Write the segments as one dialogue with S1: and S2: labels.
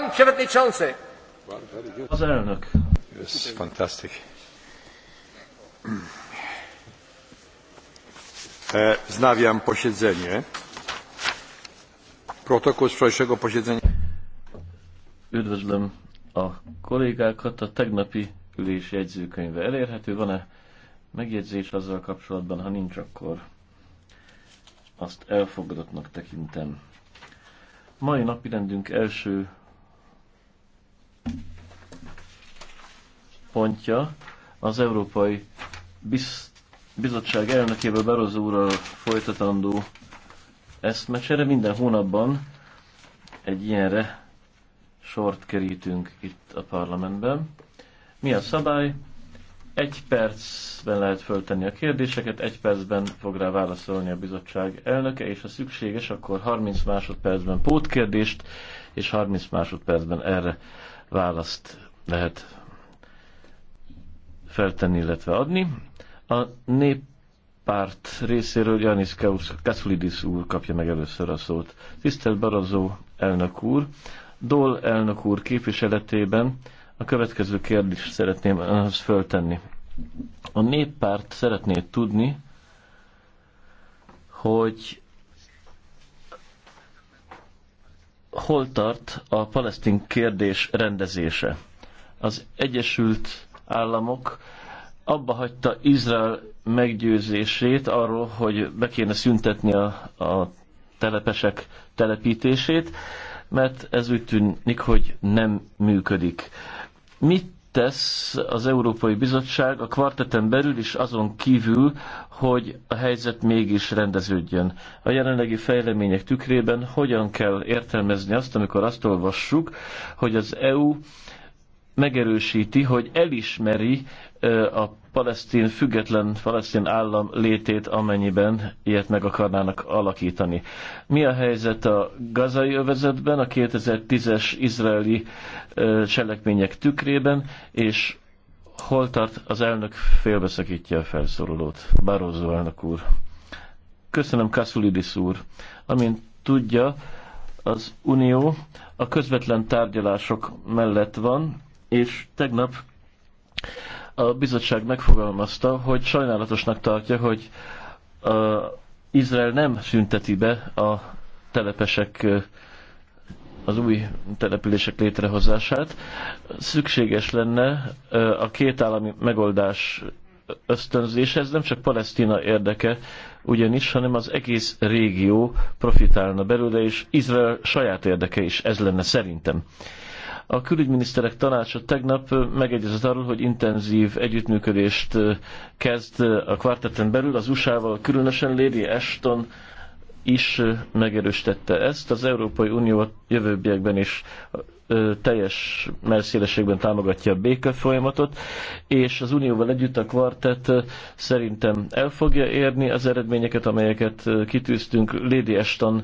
S1: Pan przewodniczący.
S2: Az elnök. Ez fantasztik.
S3: E, Znawiam posiedzenie.
S2: Protokół z wczorajszego posiedzenia.
S1: Üdvözlöm a kollégákat. A tegnapi ülés jegyzőkönyve elérhető. Van-e megjegyzés azzal kapcsolatban? Ha nincs, akkor azt elfogadottnak tekintem. Mai napirendünk első pontja az Európai Biz Bizottság elnökével Barozó úrral folytatandó eszmecsere. Minden hónapban egy ilyenre sort kerítünk itt a parlamentben. Mi a szabály? Egy percben lehet föltenni a kérdéseket, egy percben fog rá válaszolni a bizottság elnöke, és ha szükséges, akkor 30 másodpercben pótkérdést, és 30 másodpercben erre választ lehet feltenni, illetve adni. A néppárt részéről Janis Kaculidis úr kapja meg először a szót. Tisztelt Barazó elnök úr, Dol elnök úr képviseletében a következő kérdést szeretném önhöz föltenni. A néppárt szeretné tudni, hogy hol tart a palesztin kérdés rendezése. Az Egyesült államok abba hagyta Izrael meggyőzését arról, hogy be kéne szüntetni a, a telepesek telepítését, mert ez úgy tűnik, hogy nem működik. Mit tesz az Európai Bizottság a kvarteten belül is azon kívül, hogy a helyzet mégis rendeződjön. A jelenlegi fejlemények tükrében hogyan kell értelmezni azt, amikor azt olvassuk, hogy az EU megerősíti, hogy elismeri a palesztin független palesztin állam létét, amennyiben ilyet meg akarnának alakítani. Mi a helyzet a gazai övezetben, a 2010-es izraeli cselekmények tükrében, és hol tart az elnök félbeszakítja a felszólalót? Barózó elnök úr. Köszönöm, Kasszulidis úr. Amint tudja, az Unió a közvetlen tárgyalások mellett van, és tegnap a bizottság megfogalmazta, hogy sajnálatosnak tartja, hogy a Izrael nem szünteti be a telepesek az új települések létrehozását. Szükséges lenne a két állami megoldás ösztönzése, ez nem csak Palesztina érdeke ugyanis, hanem az egész régió profitálna belőle, és Izrael saját érdeke is ez lenne szerintem. A külügyminiszterek tanácsa tegnap megegyezett arról, hogy intenzív együttműködést kezd a kvartetten belül, az USA-val különösen Lady Ashton is megerősítette ezt. Az Európai Unió a jövőbbiekben is teljes merszélességben támogatja a béke folyamatot, és az Unióval együtt a kvartett szerintem el fogja érni az eredményeket, amelyeket kitűztünk. Lady Ashton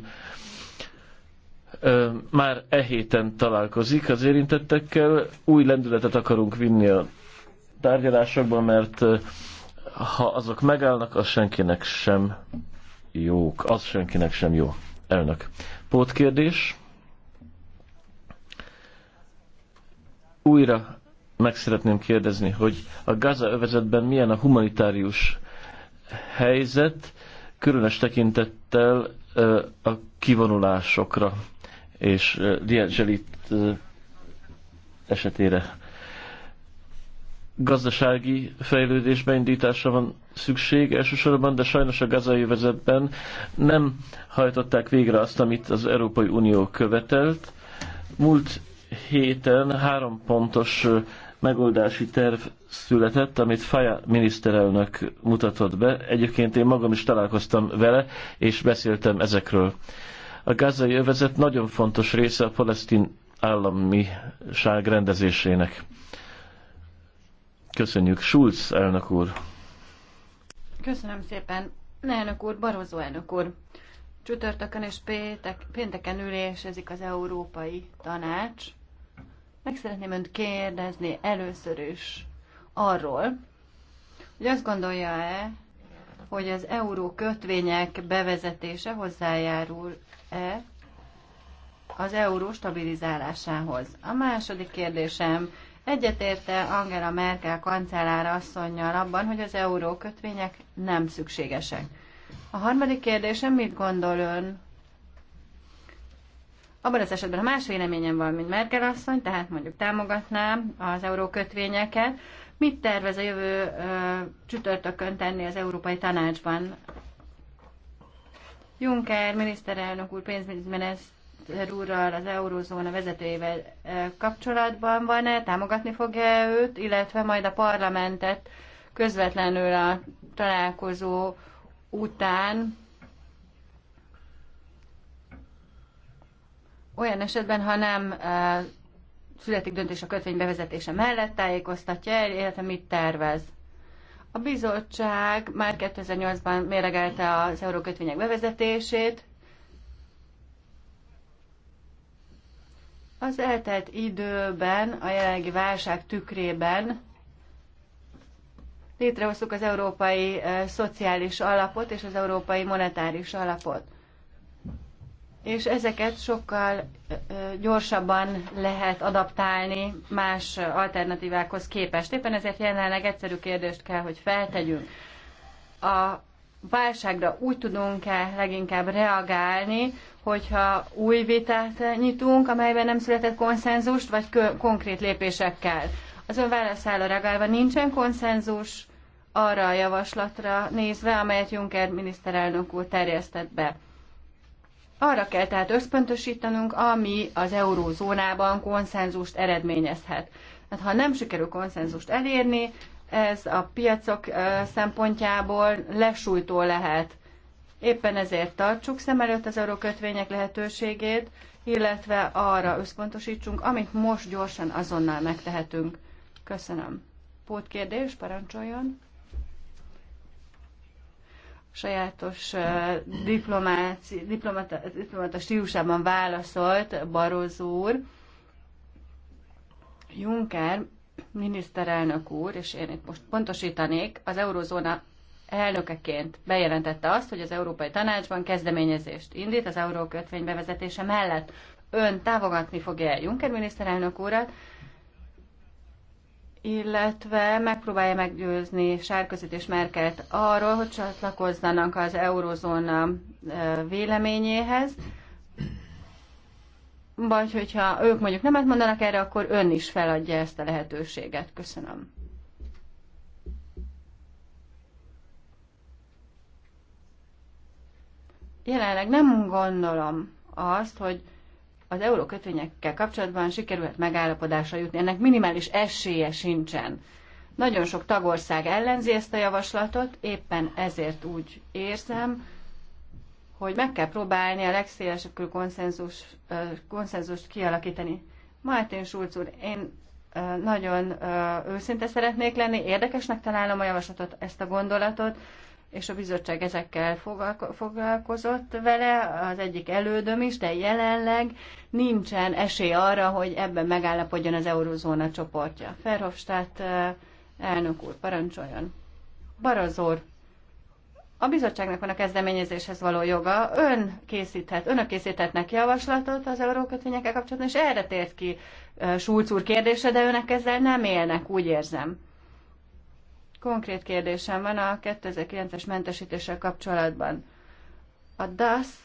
S1: már e héten találkozik az érintettekkel. Új lendületet akarunk vinni a tárgyalásokba, mert ha azok megállnak, az senkinek sem jók. Az senkinek sem jó. Elnök. Pótkérdés. Újra meg szeretném kérdezni, hogy a Gaza övezetben milyen a humanitárius helyzet, különös tekintettel a kivonulásokra és Diangelit esetére gazdasági fejlődés beindítása van szükség elsősorban, de sajnos a gazai vezetben nem hajtották végre azt, amit az Európai Unió követelt. Múlt héten három pontos megoldási terv született, amit Faja miniszterelnök mutatott be. Egyébként én magam is találkoztam vele, és beszéltem ezekről. A gazai övezet nagyon fontos része a palesztin államiság rendezésének. Köszönjük. Schulz elnök úr.
S4: Köszönöm szépen. Elnök úr, Barozó elnök úr. Csütörtökön és péntek, pénteken ülésezik az Európai Tanács. Meg szeretném önt kérdezni először is arról, hogy azt gondolja-e, hogy az euró kötvények bevezetése hozzájárul e az euró stabilizálásához. A második kérdésem, egyetérte Angela Merkel kancellár asszonynal abban, hogy az euró kötvények nem szükségesek. A harmadik kérdésem, mit gondol ön? Abban az esetben, ha más véleményem van, mint Merkel asszony, tehát mondjuk támogatnám az euró kötvényeket, mit tervez a jövő ö, csütörtökön tenni az Európai Tanácsban Juncker miniszterelnök úr, pénzminiszter úrral, az eurózóna vezetőjével kapcsolatban van-e, támogatni fogja őt, illetve majd a parlamentet közvetlenül a találkozó után olyan esetben, ha nem születik döntés a kötvény bevezetése mellett, tájékoztatja el, illetve mit tervez. A bizottság már 2008-ban méregelte az eurókötvények bevezetését. Az eltelt időben, a jelenlegi válság tükrében létrehoztuk az Európai eh, Szociális Alapot és az Európai Monetáris Alapot és ezeket sokkal gyorsabban lehet adaptálni más alternatívákhoz képest. Éppen ezért jelenleg egyszerű kérdést kell, hogy feltegyünk. A válságra úgy tudunk-e leginkább reagálni, hogyha új vitát nyitunk, amelyben nem született konszenzust, vagy konkrét lépésekkel. Az ön válaszára reagálva nincsen konszenzus arra a javaslatra nézve, amelyet Juncker miniszterelnök úr terjesztett be. Arra kell tehát összpontosítanunk, ami az eurózónában konszenzust eredményezhet. Hát, ha nem sikerül konszenzust elérni, ez a piacok szempontjából lesújtó lehet. Éppen ezért tartsuk szem előtt az eurókötvények lehetőségét, illetve arra összpontosítsunk, amit most gyorsan azonnal megtehetünk. Köszönöm. Pótkérdés, parancsoljon sajátos diplomáci, diplomata, diplomata stílusában válaszolt Barozó úr, Juncker miniszterelnök úr, és én itt most pontosítanék, az eurozóna elnökeként bejelentette azt, hogy az Európai Tanácsban kezdeményezést indít az eurókötvény bevezetése mellett. Ön távogatni fogja Juncker miniszterelnök úrat, illetve megpróbálja meggyőzni Sárközit és Merkelt arról, hogy csatlakozzanak az eurozóna véleményéhez, vagy hogyha ők mondjuk nemet mondanak erre, akkor ön is feladja ezt a lehetőséget. Köszönöm. Jelenleg nem gondolom azt, hogy az eurókötvényekkel kapcsolatban sikerült megállapodásra jutni. Ennek minimális esélye sincsen. Nagyon sok tagország ellenzi ezt a javaslatot, éppen ezért úgy érzem, hogy meg kell próbálni a legszélesebb körű konszenzus, konszenzust kialakítani. Martin Schulz úr, én nagyon őszinte szeretnék lenni, érdekesnek találom a javaslatot, ezt a gondolatot, és a bizottság ezekkel foglalkozott vele, az egyik elődöm is, de jelenleg nincsen esély arra, hogy ebben megállapodjon az eurozóna csoportja. Ferhofstadt elnök úr, parancsoljon. Barazor, a bizottságnak van a kezdeményezéshez való joga, ön készíthet, önök készíthetnek javaslatot az eurókötvényekkel kapcsolatban, és erre tért ki Schulz úr kérdése, de önök ezzel nem élnek, úgy érzem. Konkrét kérdésem van a 2009-es mentesítéssel kapcsolatban. A DASZ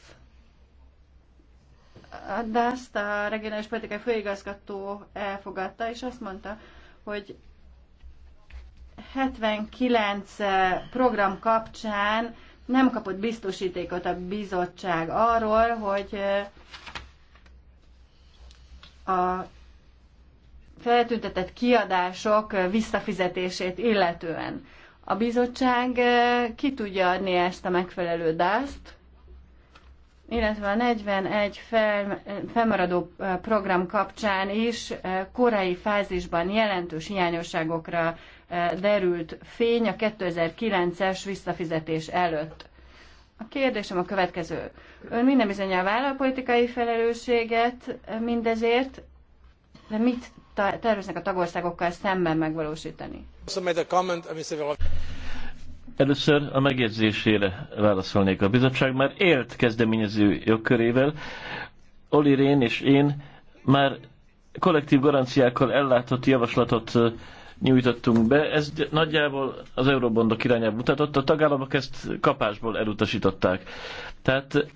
S4: a dasz t a regionális politikai főigazgató elfogadta, és azt mondta, hogy 79 eh, program kapcsán nem kapott biztosítékot a bizottság arról, hogy eh, a feltüntetett kiadások visszafizetését illetően. A bizottság eh, ki tudja adni ezt a megfelelő dászt, illetve a 41 fel, felmaradó eh, program kapcsán is eh, korai fázisban jelentős hiányosságokra derült fény a 2009-es visszafizetés előtt. A kérdésem a következő. Ön minden bizony a vállalpolitikai felelősséget mindezért, de mit terveznek a tagországokkal szemben megvalósítani?
S1: Először a megjegyzésére válaszolnék. A bizottság már élt kezdeményező jogkörével. Oli Rén és én már kollektív garanciákkal ellátott javaslatot nyújtottunk be. Ez nagyjából az eurobondok irányába mutatott. A tagállamok ezt kapásból elutasították. Tehát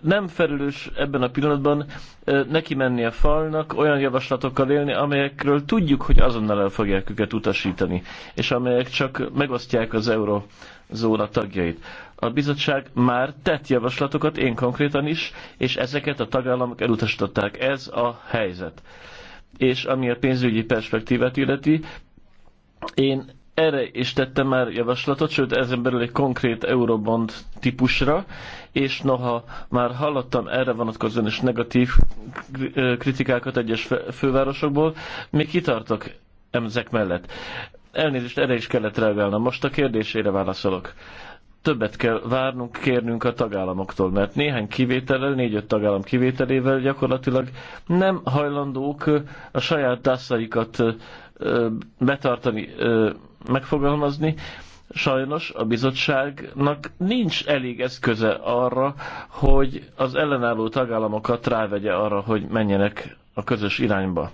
S1: nem felelős ebben a pillanatban neki menni a falnak, olyan javaslatokkal élni, amelyekről tudjuk, hogy azonnal el fogják őket utasítani, és amelyek csak megosztják az eurozóna tagjait. A bizottság már tett javaslatokat, én konkrétan is, és ezeket a tagállamok elutasították. Ez a helyzet. És ami a pénzügyi perspektívát illeti, én erre is tette már javaslatot, sőt ezen belül egy konkrét Eurobond típusra, és noha már hallottam erre vonatkozóan is negatív kritikákat egyes fővárosokból, még kitartok emzek mellett. Elnézést, erre is kellett reagálnom. Most a kérdésére válaszolok. Többet kell várnunk, kérnünk a tagállamoktól, mert néhány kivétellel, négy-öt tagállam kivételével gyakorlatilag nem hajlandók a saját dászaikat betartani megfogalmazni. Sajnos a bizottságnak nincs elég eszköze arra, hogy az ellenálló tagállamokat rávegye arra, hogy menjenek a közös irányba.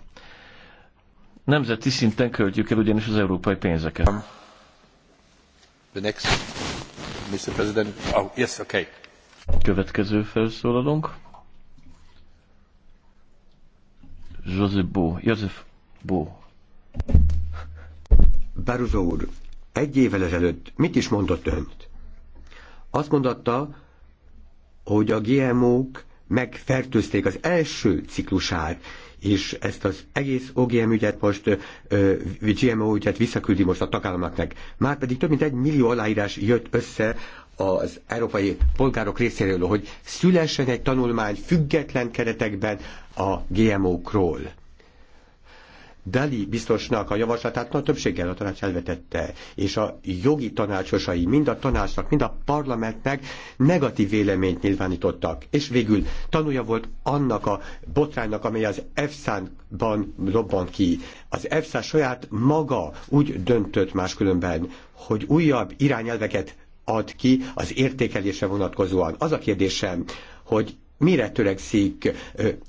S1: Nemzeti szinten költjük el ugyanis az európai pénzeket. The next,
S3: Mr. President. Oh, yes, okay.
S1: Következő felszólalunk. Joseph Bo. Joseph Bo.
S3: Peruzó úr, egy évvel ezelőtt mit is
S1: mondott önt?
S3: Azt mondatta, hogy a GMO-k megfertőzték az első ciklusát, és ezt az egész OGM ügyet most, GMO ügyet visszaküldi most a tagállamoknak. Már pedig több mint egy millió aláírás jött össze az európai polgárok részéről, hogy szülessen egy tanulmány független keretekben a GMO-król. Deli biztosnak a javaslatát nagy többséggel a tanács elvetette, és a jogi tanácsosai mind a tanácsnak, mind a parlamentnek negatív véleményt nyilvánítottak. És végül tanúja volt annak a botránynak, amely az EFSA-ban robbant ki. Az EFSA saját maga úgy döntött máskülönben, hogy újabb irányelveket ad ki az értékelésre vonatkozóan. Az a kérdésem, hogy mire törekszik?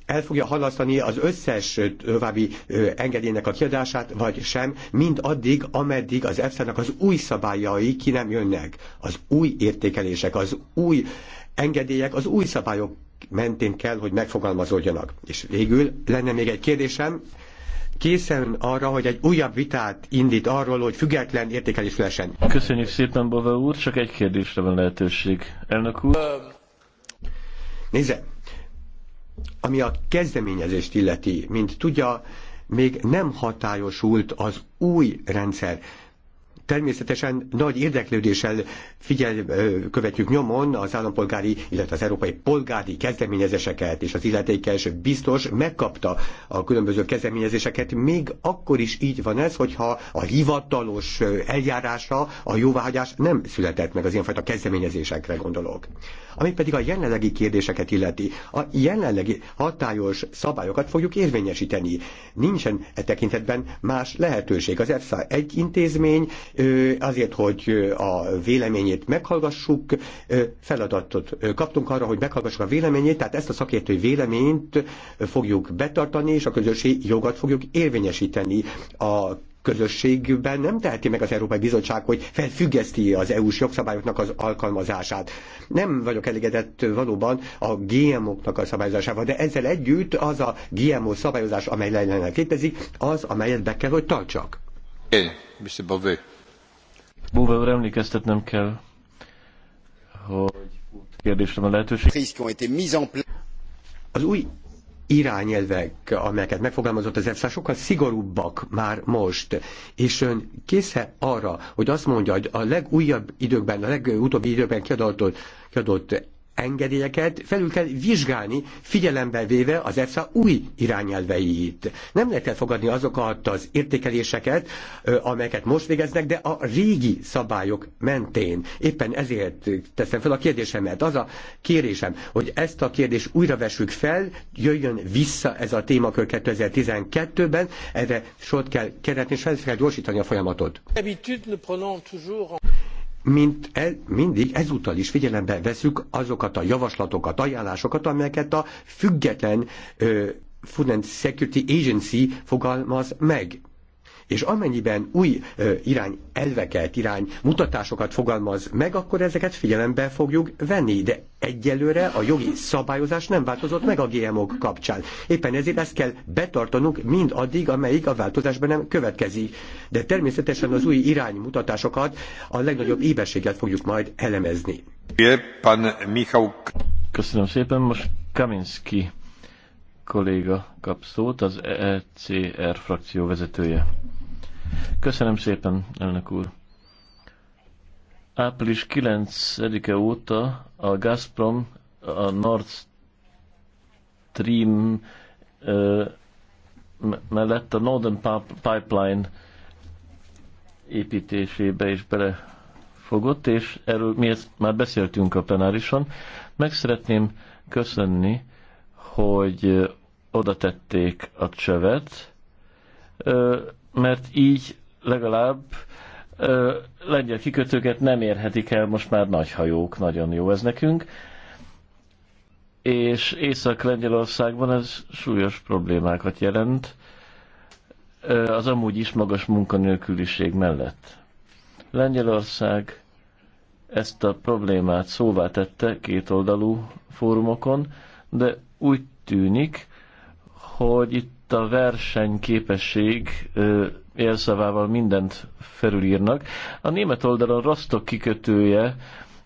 S3: El fogja halasztani az összes további engedélynek a kiadását, vagy sem, mind addig, ameddig az efsa az új szabályai ki nem jönnek. Az új értékelések, az új engedélyek, az új szabályok mentén kell, hogy megfogalmazódjanak. És végül lenne még egy kérdésem, készen arra, hogy egy újabb vitát indít arról, hogy független értékelés lesen.
S1: Köszönjük szépen, Bova úr, csak egy
S3: kérdésre van lehetőség. Elnök úr. Nézze, ami a kezdeményezést illeti, mint tudja, még nem hatályosult az új rendszer. Természetesen nagy érdeklődéssel figyel, követjük nyomon az állampolgári, illetve az európai polgári kezdeményezéseket, és az illetékes biztos megkapta a különböző kezdeményezéseket. Még akkor is így van ez, hogyha a hivatalos eljárása, a jóváhagyás nem született meg az ilyenfajta kezdeményezésekre gondolok. Ami pedig a jelenlegi kérdéseket illeti, a jelenlegi hatályos szabályokat fogjuk érvényesíteni. Nincsen e tekintetben más lehetőség. Az EFSA egy intézmény, azért, hogy a véleményét meghallgassuk, feladatot kaptunk arra, hogy meghallgassuk a véleményét, tehát ezt a szakértői véleményt fogjuk betartani, és a közösség jogat fogjuk érvényesíteni a közösségben nem teheti meg az Európai Bizottság, hogy felfüggeszti az EU-s jogszabályoknak az alkalmazását. Nem vagyok elégedett valóban a GMO-knak a szabályozásával, de ezzel együtt az a GMO szabályozás, amely jelenleg létezik, az, amelyet be kell, hogy tartsak.
S1: É, Mr. Búve emlékeztetnem kell, hogy kérdésre van lehetőség. Az
S3: új irányelvek, amelyeket megfogalmazott az EFSA, sokkal szigorúbbak már most. És ön késze arra, hogy azt mondja, hogy a legújabb időkben, a legutóbbi időkben kiadott, kiadott engedélyeket felül kell vizsgálni, figyelembe véve az EFSA új irányelveit. Nem lehet elfogadni azokat az értékeléseket, amelyeket most végeznek, de a régi szabályok mentén. Éppen ezért teszem fel a kérdésemet. Az a kérésem, hogy ezt a kérdést újra vessük fel, jöjjön vissza ez a témakör 2012-ben, erre sort kell keretni, és fel kell gyorsítani a folyamatot mint el, mindig ezúttal is figyelembe veszük azokat a javaslatokat, ajánlásokat, amelyeket a független ö, Food and Security Agency fogalmaz meg és amennyiben új ö, irány elveket, irány mutatásokat fogalmaz meg, akkor ezeket figyelembe fogjuk venni, de egyelőre a jogi szabályozás nem változott meg a gmo -k kapcsán. Éppen ezért ezt kell betartanunk mind addig, amelyik a változásban nem következik. De természetesen az új iránymutatásokat a legnagyobb ébességgel fogjuk majd elemezni.
S1: Köszönöm szépen, most Kaminski kolléga kap szót, az ECR e frakció vezetője. Köszönöm szépen, elnök úr. Április 9-e óta a Gazprom a Nord Stream uh, mellett a Northern Pipeline építésébe is belefogott, és erről mi ezt már beszéltünk a plenárison. Meg szeretném köszönni, hogy oda tették a csövet mert így legalább ö, lengyel kikötőket nem érhetik el most már nagy hajók, nagyon jó ez nekünk. És Észak-Lengyelországban ez súlyos problémákat jelent ö, az amúgy is magas munkanélküliség mellett. Lengyelország ezt a problémát szóvá tette kétoldalú fórumokon, de úgy tűnik, hogy itt itt a versenyképesség élszavával mindent felülírnak. A német oldalon Rostok kikötője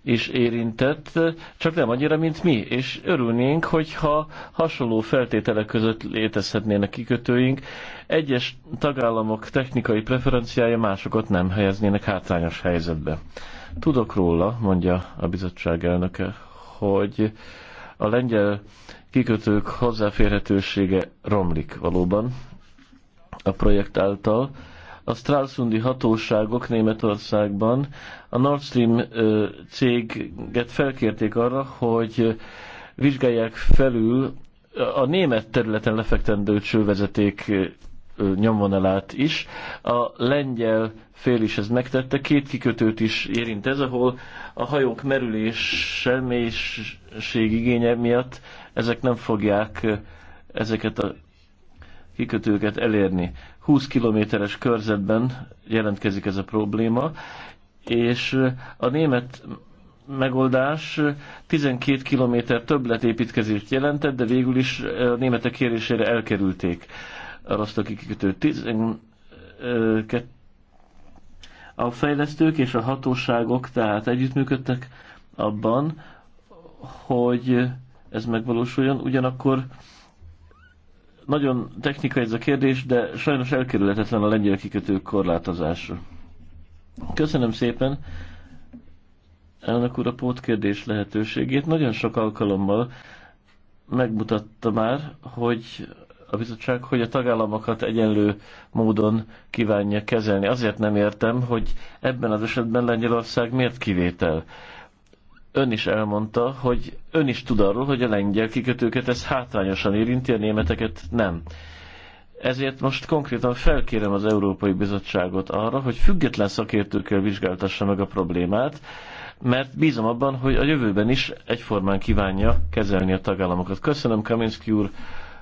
S1: is érintett, csak nem annyira, mint mi, és örülnénk, hogyha hasonló feltételek között létezhetnének kikötőink. Egyes tagállamok technikai preferenciája másokat nem helyeznének hátrányos helyzetbe. Tudok róla, mondja a bizottság elnöke, hogy a lengyel kikötők hozzáférhetősége romlik valóban a projekt által. A Stralsundi hatóságok Németországban a Nord Stream céget felkérték arra, hogy vizsgálják felül a német területen lefektendő csővezeték nyomvonalát is. A lengyel fél is ez megtette, két kikötőt is érint ez, ahol a hajók merülése, igénye miatt ezek nem fogják ezeket a kikötőket elérni. 20 kilométeres körzetben jelentkezik ez a probléma, és a német megoldás 12 km többletépítkezést jelentett, de végül is a németek kérésére elkerülték a rostoki kikötőt. 12 a fejlesztők és a hatóságok tehát együttműködtek abban, hogy ez megvalósuljon. Ugyanakkor nagyon technikai ez a kérdés, de sajnos elkerülhetetlen a lengyel kikötők korlátozása. Köszönöm szépen elnök úr a pótkérdés lehetőségét. Nagyon sok alkalommal megmutatta már, hogy a bizottság, hogy a tagállamokat egyenlő módon kívánja kezelni. Azért nem értem, hogy ebben az esetben Lengyelország miért kivétel ön is elmondta, hogy ön is tud arról, hogy a lengyel kikötőket ez hátrányosan érinti, a németeket nem. Ezért most konkrétan felkérem az Európai Bizottságot arra, hogy független szakértőkkel vizsgáltassa meg a problémát, mert bízom abban, hogy a jövőben is egyformán kívánja kezelni a tagállamokat. Köszönöm Kaminski úr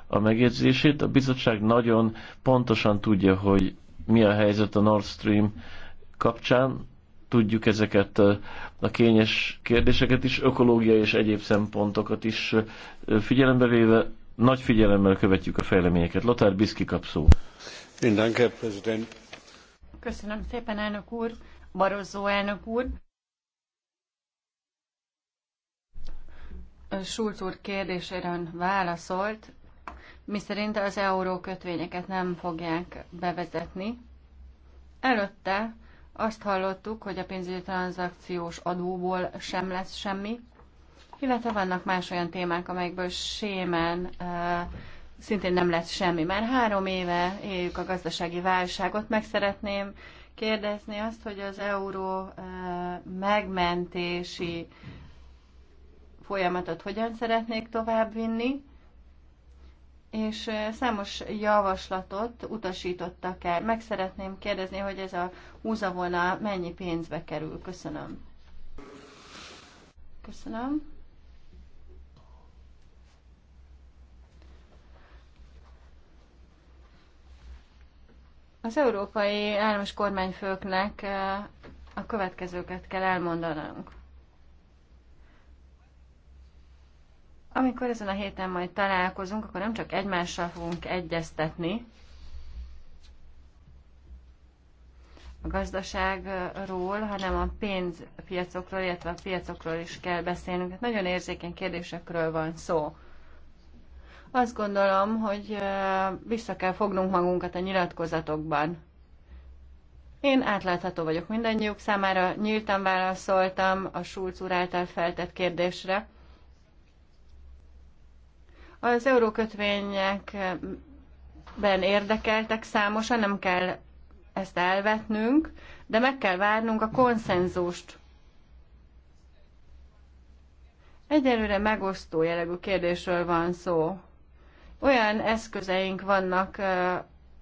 S1: a megjegyzését. A bizottság nagyon pontosan tudja, hogy mi a helyzet a Nord Stream kapcsán, tudjuk ezeket a kényes kérdéseket is, ökológiai és egyéb szempontokat is figyelembe véve, nagy figyelemmel követjük a fejleményeket. Lothar Biszki kap szó.
S4: Köszönöm szépen, elnök úr, Barozó elnök úr. Schulz úr kérdésére válaszolt, miszerint az euró kötvényeket nem fogják bevezetni. Előtte azt hallottuk, hogy a pénzügyi tranzakciós adóból sem lesz semmi, illetve vannak más olyan témák, amelyekből sémen szintén nem lesz semmi. Már három éve éljük a gazdasági válságot. Meg szeretném kérdezni azt, hogy az euró megmentési folyamatot hogyan szeretnék továbbvinni, és számos javaslatot utasítottak el. Meg szeretném kérdezni, hogy ez a húzavona mennyi pénzbe kerül. Köszönöm. Köszönöm. Az európai államos kormányfőknek a következőket kell elmondanunk. Amikor ezen a héten majd találkozunk, akkor nem csak egymással fogunk egyeztetni, a gazdaságról, hanem a pénzpiacokról, illetve a piacokról is kell beszélnünk. Hát nagyon érzékeny kérdésekről van szó. Azt gondolom, hogy vissza kell fognunk magunkat a nyilatkozatokban. Én átlátható vagyok mindannyiuk számára, nyíltan válaszoltam a Schulz úr által feltett kérdésre. Az eurókötvényekben érdekeltek számosan, nem kell ezt elvetnünk, de meg kell várnunk a konszenzust. Egyelőre megosztó jellegű kérdésről van szó. Olyan eszközeink vannak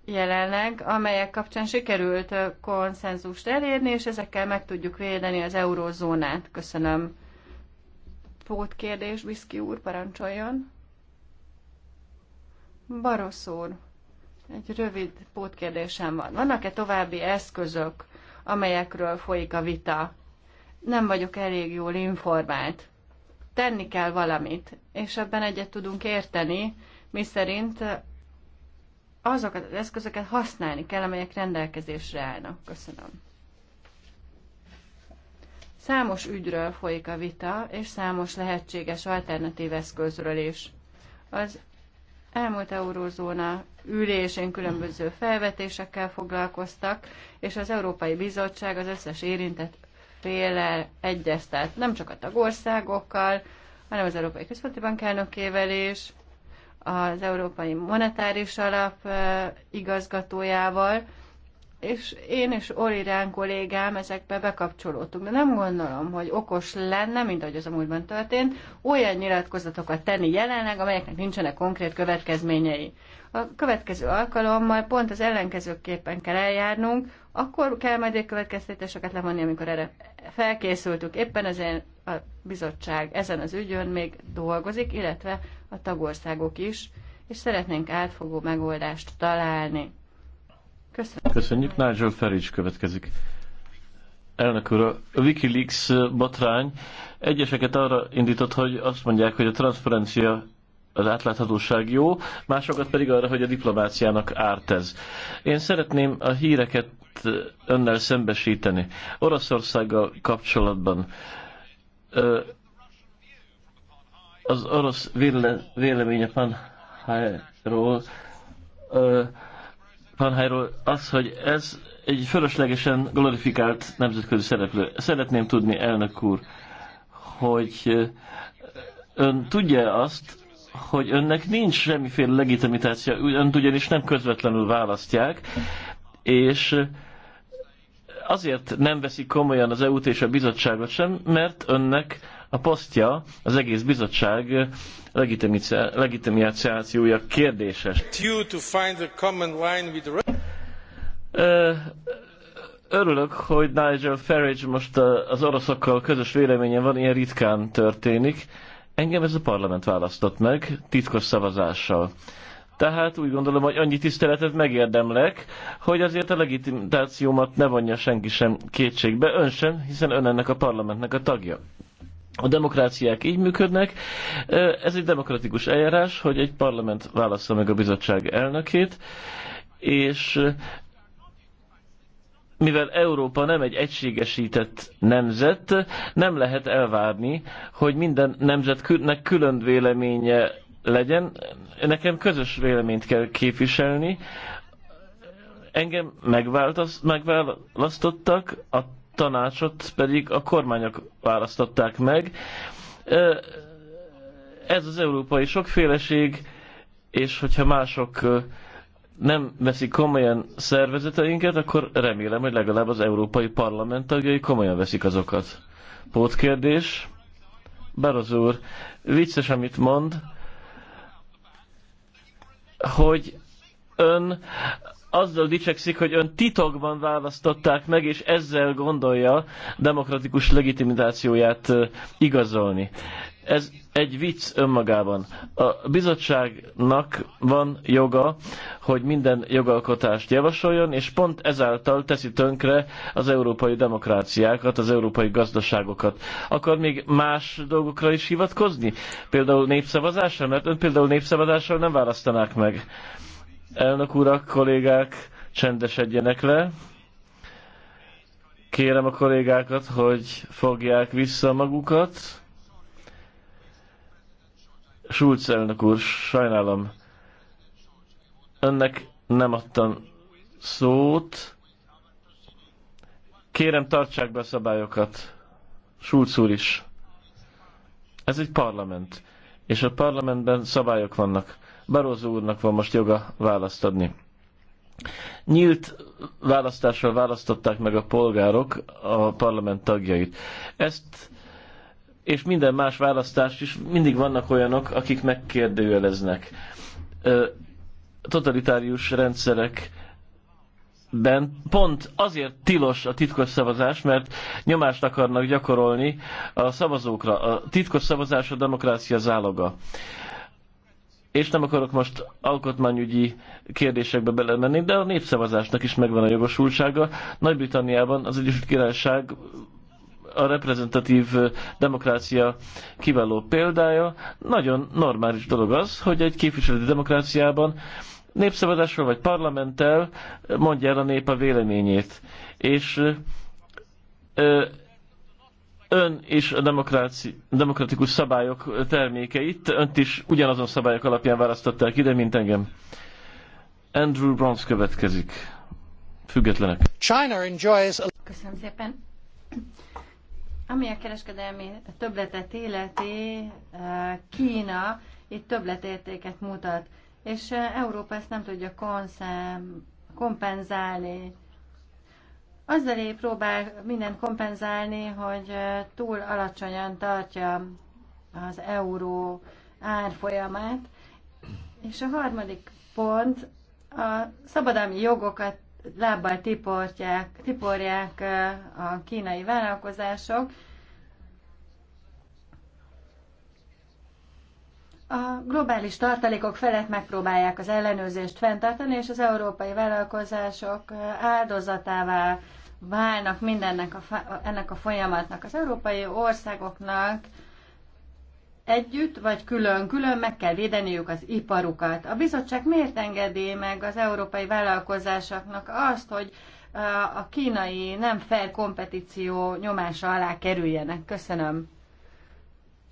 S4: jelenleg, amelyek kapcsán sikerült konszenzust elérni, és ezekkel meg tudjuk védeni az eurózónát. Köszönöm. Pótkérdés, Viszki úr, parancsoljon. Barosz úr, egy rövid pótkérdésem van. Vannak-e további eszközök, amelyekről folyik a vita? Nem vagyok elég jól informált. Tenni kell valamit, és ebben egyet tudunk érteni, mi szerint azokat az eszközöket használni kell, amelyek rendelkezésre állnak. Köszönöm. Számos ügyről folyik a vita, és számos lehetséges alternatív eszközről is. Az elmúlt eurózóna ülésén különböző felvetésekkel foglalkoztak, és az Európai Bizottság az összes érintett félel egyeztet, nem csak a tagországokkal, hanem az Európai Központi Bank elnökével is, az Európai Monetáris Alap eh, igazgatójával, és én és Orirán kollégám ezekbe bekapcsolódtunk, de nem gondolom, hogy okos lenne, mint ahogy az a múltban történt, olyan nyilatkozatokat tenni jelenleg, amelyeknek nincsenek konkrét következményei. A következő alkalommal pont az ellenkezőképpen kell eljárnunk, akkor kell majd következtetéseket levonni, amikor erre felkészültük. Éppen ezért a bizottság ezen az ügyön még dolgozik, illetve a tagországok is, és szeretnénk átfogó megoldást találni. Köszönöm.
S1: Köszönjük. Nigel Farage következik. Elnök úr, a Wikileaks botrány egyeseket arra indított, hogy azt mondják, hogy a transzparencia az átláthatóság jó, másokat pedig arra, hogy a diplomáciának árt ez. Én szeretném a híreket önnel szembesíteni. Oroszországgal kapcsolatban az orosz véleménye ról. Panhajról az, hogy ez egy fölöslegesen glorifikált nemzetközi szereplő. Szeretném tudni, elnök úr, hogy ön tudja azt, hogy önnek nincs semmiféle legitimitása, önt ugyanis nem közvetlenül választják, és azért nem veszik komolyan az EU-t és a bizottságot sem, mert önnek a posztja, az egész bizottság legitimációja kérdéses. Örülök, hogy Nigel Farage most az oroszokkal közös véleménye van, ilyen ritkán történik. Engem ez a parlament választott meg, titkos szavazással. Tehát úgy gondolom, hogy annyi tiszteletet megérdemlek, hogy azért a legitimációmat ne vonja senki sem kétségbe, ön sem, hiszen ön ennek a parlamentnek a tagja. A demokráciák így működnek. Ez egy demokratikus eljárás, hogy egy parlament válassza meg a bizottság elnökét, és mivel Európa nem egy egységesített nemzet, nem lehet elvárni, hogy minden nemzetnek külön véleménye legyen. Nekem közös véleményt kell képviselni. Engem megválasztottak, a tanácsot pedig a kormányok választották meg. Ez az európai sokféleség, és hogyha mások nem veszik komolyan szervezeteinket, akkor remélem, hogy legalább az Európai Parlament tagjai komolyan veszik azokat. Pótkérdés. Baroz úr, vicces, amit mond, hogy ön azzal dicsekszik, hogy ön titokban választották meg, és ezzel gondolja demokratikus legitimizációját igazolni. Ez egy vicc önmagában. A bizottságnak van joga, hogy minden jogalkotást javasoljon, és pont ezáltal teszi tönkre az európai demokráciákat, az európai gazdaságokat. Akar még más dolgokra is hivatkozni? Például népszavazással? Mert ön például népszavazással nem választanák meg Elnök urak, kollégák, csendesedjenek le. Kérem a kollégákat, hogy fogják vissza magukat. Schulz elnök úr, sajnálom. Önnek nem adtam szót. Kérem, tartsák be a szabályokat. Schulz úr is. Ez egy parlament, és a parlamentben szabályok vannak. Barozó úrnak van most joga választ adni. Nyílt választással választották meg a polgárok a parlament tagjait. Ezt és minden más választást is mindig vannak olyanok, akik megkérdőjeleznek. Totalitárius rendszerek ben pont azért tilos a titkos szavazás, mert nyomást akarnak gyakorolni a szavazókra. A titkos szavazás a demokrácia záloga és nem akarok most alkotmányügyi kérdésekbe belemenni, de a népszavazásnak is megvan a jogosultsága. Nagy-Britanniában az Egyesült Királyság a reprezentatív demokrácia kiváló példája. Nagyon normális dolog az, hogy egy képviselő demokráciában népszavazásról vagy parlamenttel mondja el a nép a véleményét. És ön és a demokratikus szabályok termékeit, önt is ugyanazon szabályok alapján választották ide, mint engem. Andrew Bronze következik. Függetlenek.
S2: China enjoys a...
S4: Köszönöm szépen. Ami a kereskedelmi többletet életé. Eh, Kína itt többletértéket mutat, és eh, Európa ezt nem tudja kompenzálni azzal próbál mindent kompenzálni, hogy túl alacsonyan tartja az euró árfolyamát. És a harmadik pont, a szabadalmi jogokat lábbal tiportják, tiporják a kínai vállalkozások. A globális tartalékok felett megpróbálják az ellenőrzést fenntartani, és az európai vállalkozások áldozatává válnak mindennek a, ennek a folyamatnak. Az európai országoknak együtt vagy külön-külön meg kell védeniük az iparukat. A bizottság miért engedi meg az európai vállalkozásoknak azt, hogy a kínai nem fair kompetíció nyomása alá kerüljenek? Köszönöm.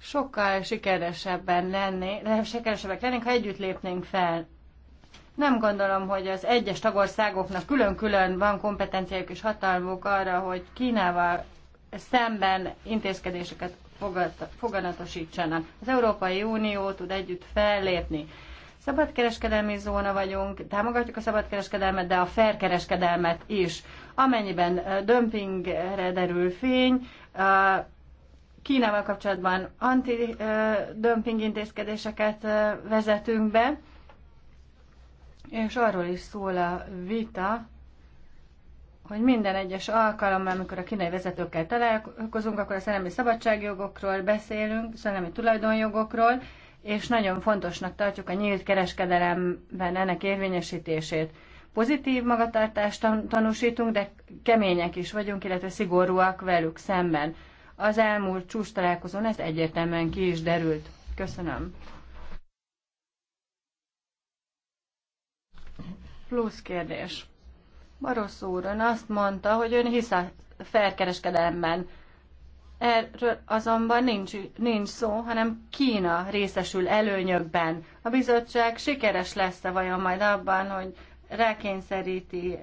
S4: Sokkal sikeresebben lenni, sikeresebbek lennénk, ha együtt lépnénk fel. Nem gondolom, hogy az egyes tagországoknak külön-külön van kompetenciájuk és hatalmuk arra, hogy Kínával szemben intézkedéseket foganatosítsanak. Az Európai Unió tud együtt fellépni. Szabadkereskedelmi zóna vagyunk, támogatjuk a szabadkereskedelmet, de a felkereskedelmet is. Amennyiben dömpingre derül fény, Kínával kapcsolatban anti-dömping intézkedéseket vezetünk be, és arról is szól a vita, hogy minden egyes alkalommal, amikor a kínai vezetőkkel találkozunk, akkor a szellemi szabadságjogokról beszélünk, szellemi tulajdonjogokról, és nagyon fontosnak tartjuk a nyílt kereskedelemben ennek érvényesítését. Pozitív magatartást tanúsítunk, de kemények is vagyunk, illetve szigorúak velük szemben. Az elmúlt csúcs találkozón ez egyértelműen ki is derült. Köszönöm. plusz kérdés. Barosz úr, ön azt mondta, hogy ön hisz a felkereskedelemben. Erről azonban nincs, nincs szó, hanem Kína részesül előnyökben. A bizottság sikeres lesz-e vajon majd abban, hogy rákényszeríti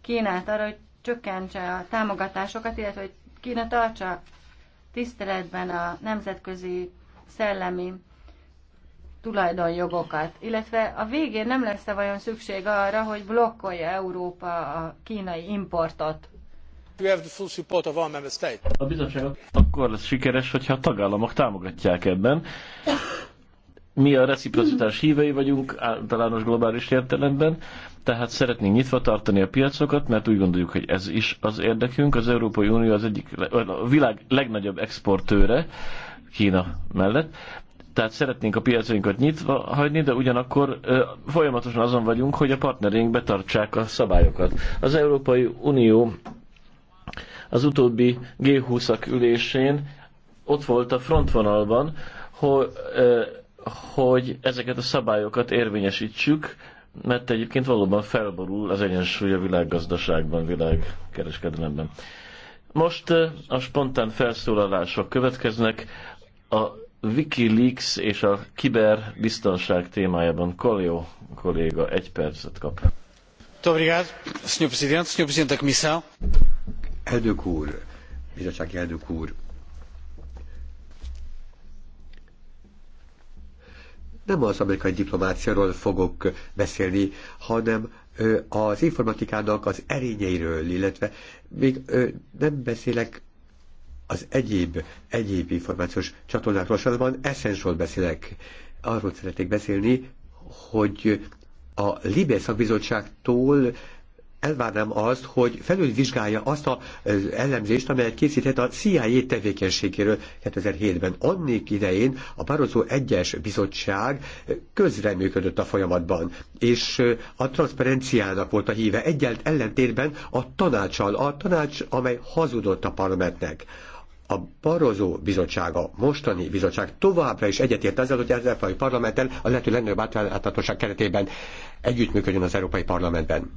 S4: Kínát arra, hogy csökkentse a támogatásokat, illetve hogy Kína tartsa tiszteletben a nemzetközi szellemi tulajdonjogokat, illetve a végén nem lesz-e vajon szükség arra, hogy blokkolja Európa a kínai importot?
S1: A bizottság akkor lesz sikeres, hogyha a tagállamok támogatják ebben. Mi a reciprocitás hívei vagyunk általános globális értelemben, tehát szeretnénk nyitva tartani a piacokat, mert úgy gondoljuk, hogy ez is az érdekünk. Az Európai Unió az egyik, a világ legnagyobb exportőre, Kína mellett, tehát szeretnénk a piacainkat nyitva hagyni, de ugyanakkor ö, folyamatosan azon vagyunk, hogy a partnereink betartsák a szabályokat. Az Európai Unió az utóbbi G20-ak ülésén ott volt a frontvonalban, hogy, ö, hogy ezeket a szabályokat érvényesítsük, mert egyébként valóban felborul az egyensúly a világgazdaságban, világkereskedelemben. Most a spontán felszólalások következnek. A Wikileaks és a kiberbiztonság témájában. Koljó kolléga egy percet kap. Tovrigád, Elnök úr, bizottsági elnök úr,
S3: nem az amerikai diplomáciáról fogok beszélni, hanem az informatikának az erényeiről, illetve még nem beszélek az egyéb, egyéb információs csatornákról sorban Essential beszélek. Arról szeretnék beszélni, hogy a Libé szakbizottságtól elvárnám azt, hogy felülvizsgálja azt az ellenzést, amelyet készített a CIA tevékenységéről 2007-ben. Annék idején a Barozó egyes bizottság közreműködött a folyamatban, és a transzparenciának volt a híve egyelt ellentétben a tanácsal, a tanács, amely hazudott a parlamentnek a Barozó bizottsága, mostani bizottság továbbra is egyetért ezzel, hogy az Európai Parlamenten a lehető legnagyobb átláthatóság keretében együttműködjön az Európai Parlamentben.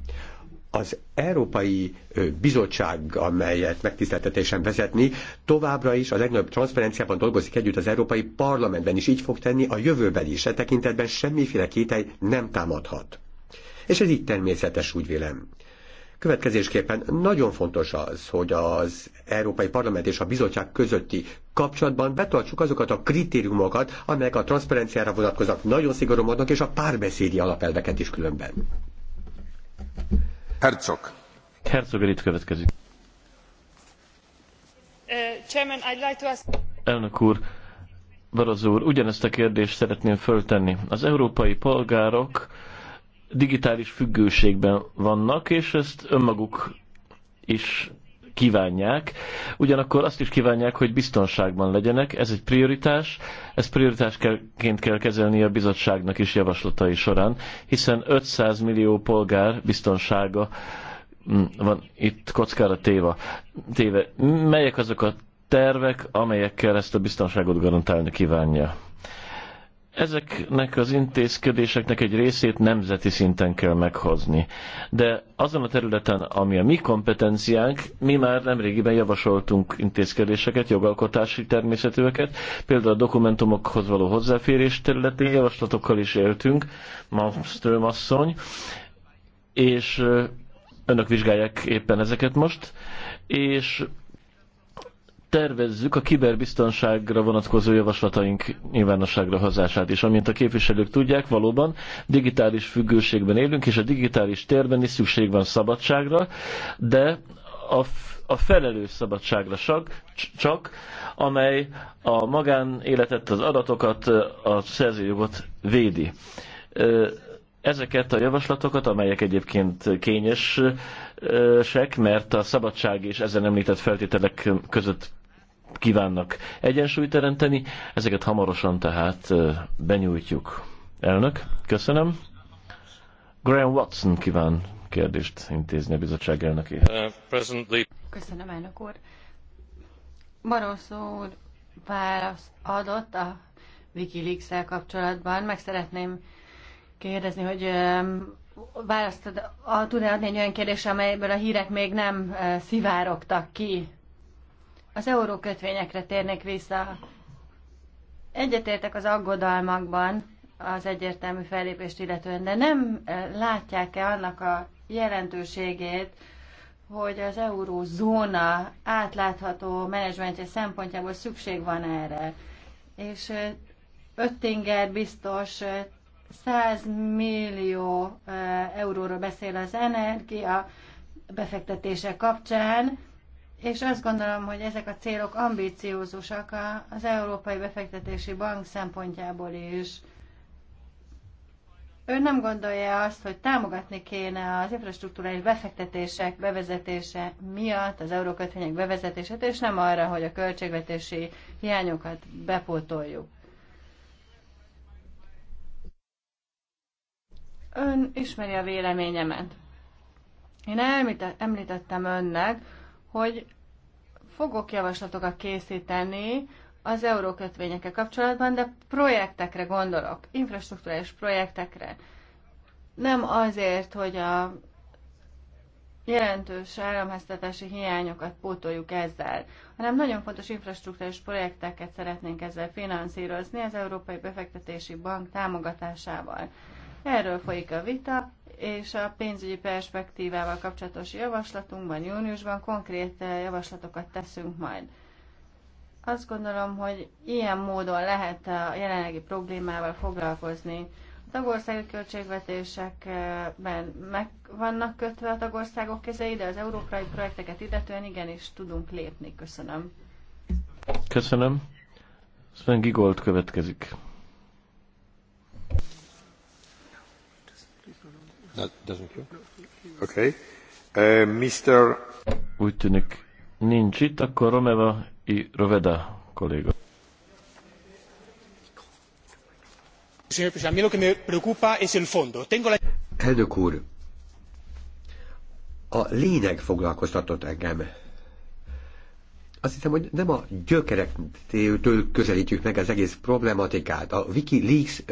S3: Az Európai Bizottság, amelyet megtiszteltetésen vezetni, továbbra is a legnagyobb transzparenciában dolgozik együtt az Európai Parlamentben is, így fog tenni a jövőben is. E tekintetben semmiféle kételj nem támadhat. És ez így természetes, úgy vélem. Következésképpen nagyon fontos az, hogy az Európai Parlament és a bizottság közötti kapcsolatban betartsuk azokat a kritériumokat, amelyek a transzparenciára vonatkoznak, nagyon szigorú módon, és a párbeszédi alapelveket is különben. Herzog. Herzog
S1: itt következik. Uh,
S2: chairman, I'd like to ask...
S1: Elnök úr, Barazó úr, ugyanezt a kérdést szeretném föltenni. Az európai polgárok digitális függőségben vannak, és ezt önmaguk is kívánják. Ugyanakkor azt is kívánják, hogy biztonságban legyenek. Ez egy prioritás. Ezt prioritásként kell kezelni a bizottságnak is javaslatai során, hiszen 500 millió polgár biztonsága mm, van itt kockára téva. téve. Melyek azok a tervek, amelyekkel ezt a biztonságot garantálni kívánja? Ezeknek az intézkedéseknek egy részét nemzeti szinten kell meghozni. De azon a területen, ami a mi kompetenciánk, mi már nemrégiben javasoltunk intézkedéseket, jogalkotási természetűeket, például a dokumentumokhoz való hozzáférés területén javaslatokkal is éltünk, Malmström asszony, és önök vizsgálják éppen ezeket most, és tervezzük a kiberbiztonságra vonatkozó javaslataink nyilvánosságra hozását is. Amint a képviselők tudják, valóban digitális függőségben élünk, és a digitális térben is szükség van szabadságra, de a, a felelős szabadságra csak, csak, amely a magánéletet, az adatokat, a szerzőjogot védi. Ezeket a javaslatokat, amelyek egyébként kényesek, mert a szabadság és ezen említett feltételek között kívánnak egyensúlyt teremteni. Ezeket hamarosan tehát benyújtjuk. Elnök, köszönöm. Graham Watson kíván kérdést intézni a bizottság elnökéhez. Uh,
S4: köszönöm, elnök úr. Barroso úr választ adott a wikileaks kapcsolatban. Meg szeretném kérdezni, hogy um, választ tud-e adni egy olyan kérdésre, amelyből a hírek még nem uh, szivárogtak ki az eurókötvényekre térnék vissza. Egyetértek az aggodalmakban az egyértelmű fellépést illetően, de nem eh, látják-e annak a jelentőségét, hogy az eurózóna átlátható menedzsmentje szempontjából szükség van erre. És eh, Öttinger biztos 100 eh, millió euróról beszél az energia befektetése kapcsán, és azt gondolom, hogy ezek a célok ambíciózusak az Európai Befektetési Bank szempontjából is. Ő nem gondolja azt, hogy támogatni kéne az infrastruktúrális befektetések bevezetése miatt, az eurókötvények bevezetését, és nem arra, hogy a költségvetési hiányokat bepótoljuk. Ön ismeri a véleményemet. Én említettem önnek, hogy fogok javaslatokat készíteni az eurókötvényekkel kapcsolatban, de projektekre gondolok, infrastruktúrális projektekre. Nem azért, hogy a jelentős államháztartási hiányokat pótoljuk ezzel, hanem nagyon fontos infrastruktúrális projekteket szeretnénk ezzel finanszírozni az Európai Befektetési Bank támogatásával. Erről folyik a vita, és a pénzügyi perspektívával kapcsolatos javaslatunkban júniusban konkrét eh, javaslatokat teszünk majd. Azt gondolom, hogy ilyen módon lehet a jelenlegi problémával foglalkozni. A tagországi költségvetésekben meg vannak kötve a tagországok kezei, de az európai projekteket illetően igenis tudunk lépni. Köszönöm.
S1: Köszönöm. Sven Gigolt következik.
S3: Okay. Uh, Mr.
S1: Úgy tűnik nincs itt, akkor Romeva i Roveda kolléga.
S3: Señor presidente, a mí lo que me preocupa es el fondo. Tengo la... Elnök úr, a lényeg foglalkoztatott engem. Azt hiszem, hogy nem a gyökerektől közelítjük meg az egész problematikát. A Wikileaks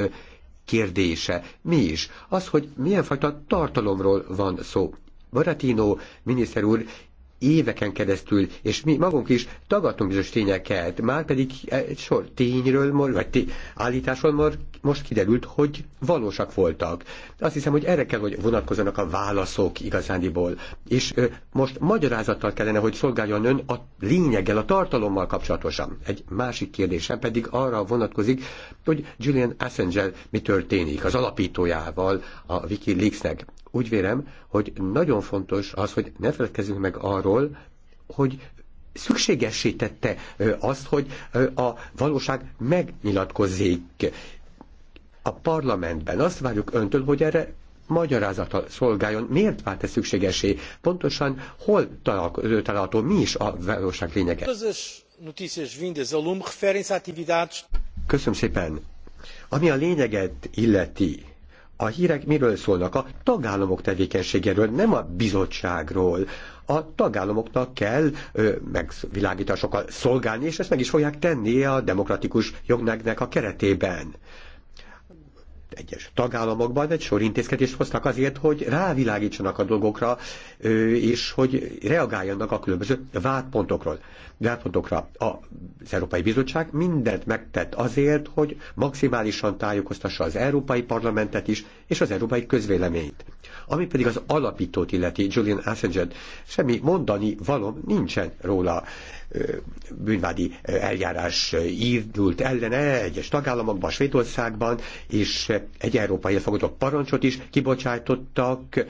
S3: kérdése. Mi is? Az, hogy milyen fajta tartalomról van szó. Baratino miniszter úr éveken keresztül, és mi magunk is tagadtunk bizonyos tényeket, már pedig egy sor tényről, vagy tény, állításról most kiderült, hogy valósak voltak. Azt hiszem, hogy erre kell, hogy vonatkozzanak a válaszok igazándiból. És ö, most magyarázattal kellene, hogy szolgáljon ön a lényeggel, a tartalommal kapcsolatosan. Egy másik kérdésem pedig arra vonatkozik, hogy Julian Assange mi történik az alapítójával a Wikileaksnek. Úgy vélem, hogy nagyon fontos az, hogy ne feledkezzünk meg arról, hogy szükségesítette azt, hogy a valóság megnyilatkozzék a parlamentben. Azt várjuk öntől, hogy erre magyarázata szolgáljon, miért vált ez szükségesé, pontosan hol található, mi is a valóság lényege. Köszönöm szépen. Ami a lényeget illeti, a hírek miről szólnak? A tagállamok tevékenységéről, nem a bizottságról. A tagállamoknak kell ö, megvilágításokkal szolgálni, és ezt meg is fogják tenni a demokratikus jogneknek a keretében egyes tagállamokban egy sor intézkedést hoztak azért, hogy rávilágítsanak a dolgokra, és hogy reagáljanak a különböző vádpontokról. Vádpontokra az Európai Bizottság mindent megtett azért, hogy maximálisan tájékoztassa az Európai Parlamentet is, és az európai közvéleményt. Ami pedig az alapítót illeti, Julian assange semmi mondani valom nincsen róla bűnvádi eljárás írdult ellene egyes tagállamokban, Svédországban, és egy európai elfogadott parancsot is kibocsájtottak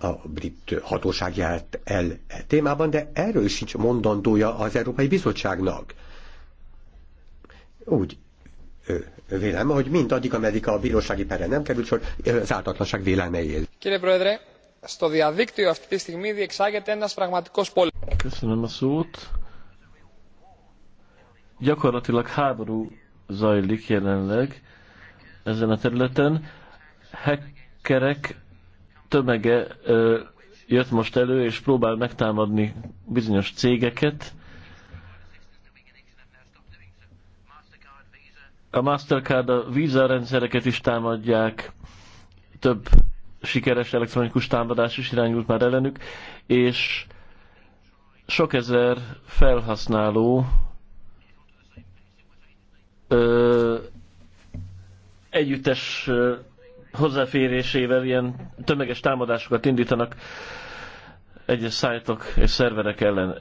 S3: a brit hatóság járt el e témában, de erről is sincs mondandója az Európai Bizottságnak. Úgy vélem, hogy mind addig, ameddig a bírósági perre nem kerül, sor, az ártatlanság vélelme él.
S1: Köszönöm a szót. Gyakorlatilag háború zajlik jelenleg ezen a területen. Hackerek tömege ö, jött most elő, és próbál megtámadni bizonyos cégeket, A Mastercard a Visa rendszereket is támadják, több sikeres elektronikus támadás is irányult már ellenük, és sok ezer felhasználó ö, együttes ö, hozzáférésével ilyen tömeges támadásokat indítanak egyes szájtok és szerverek ellen.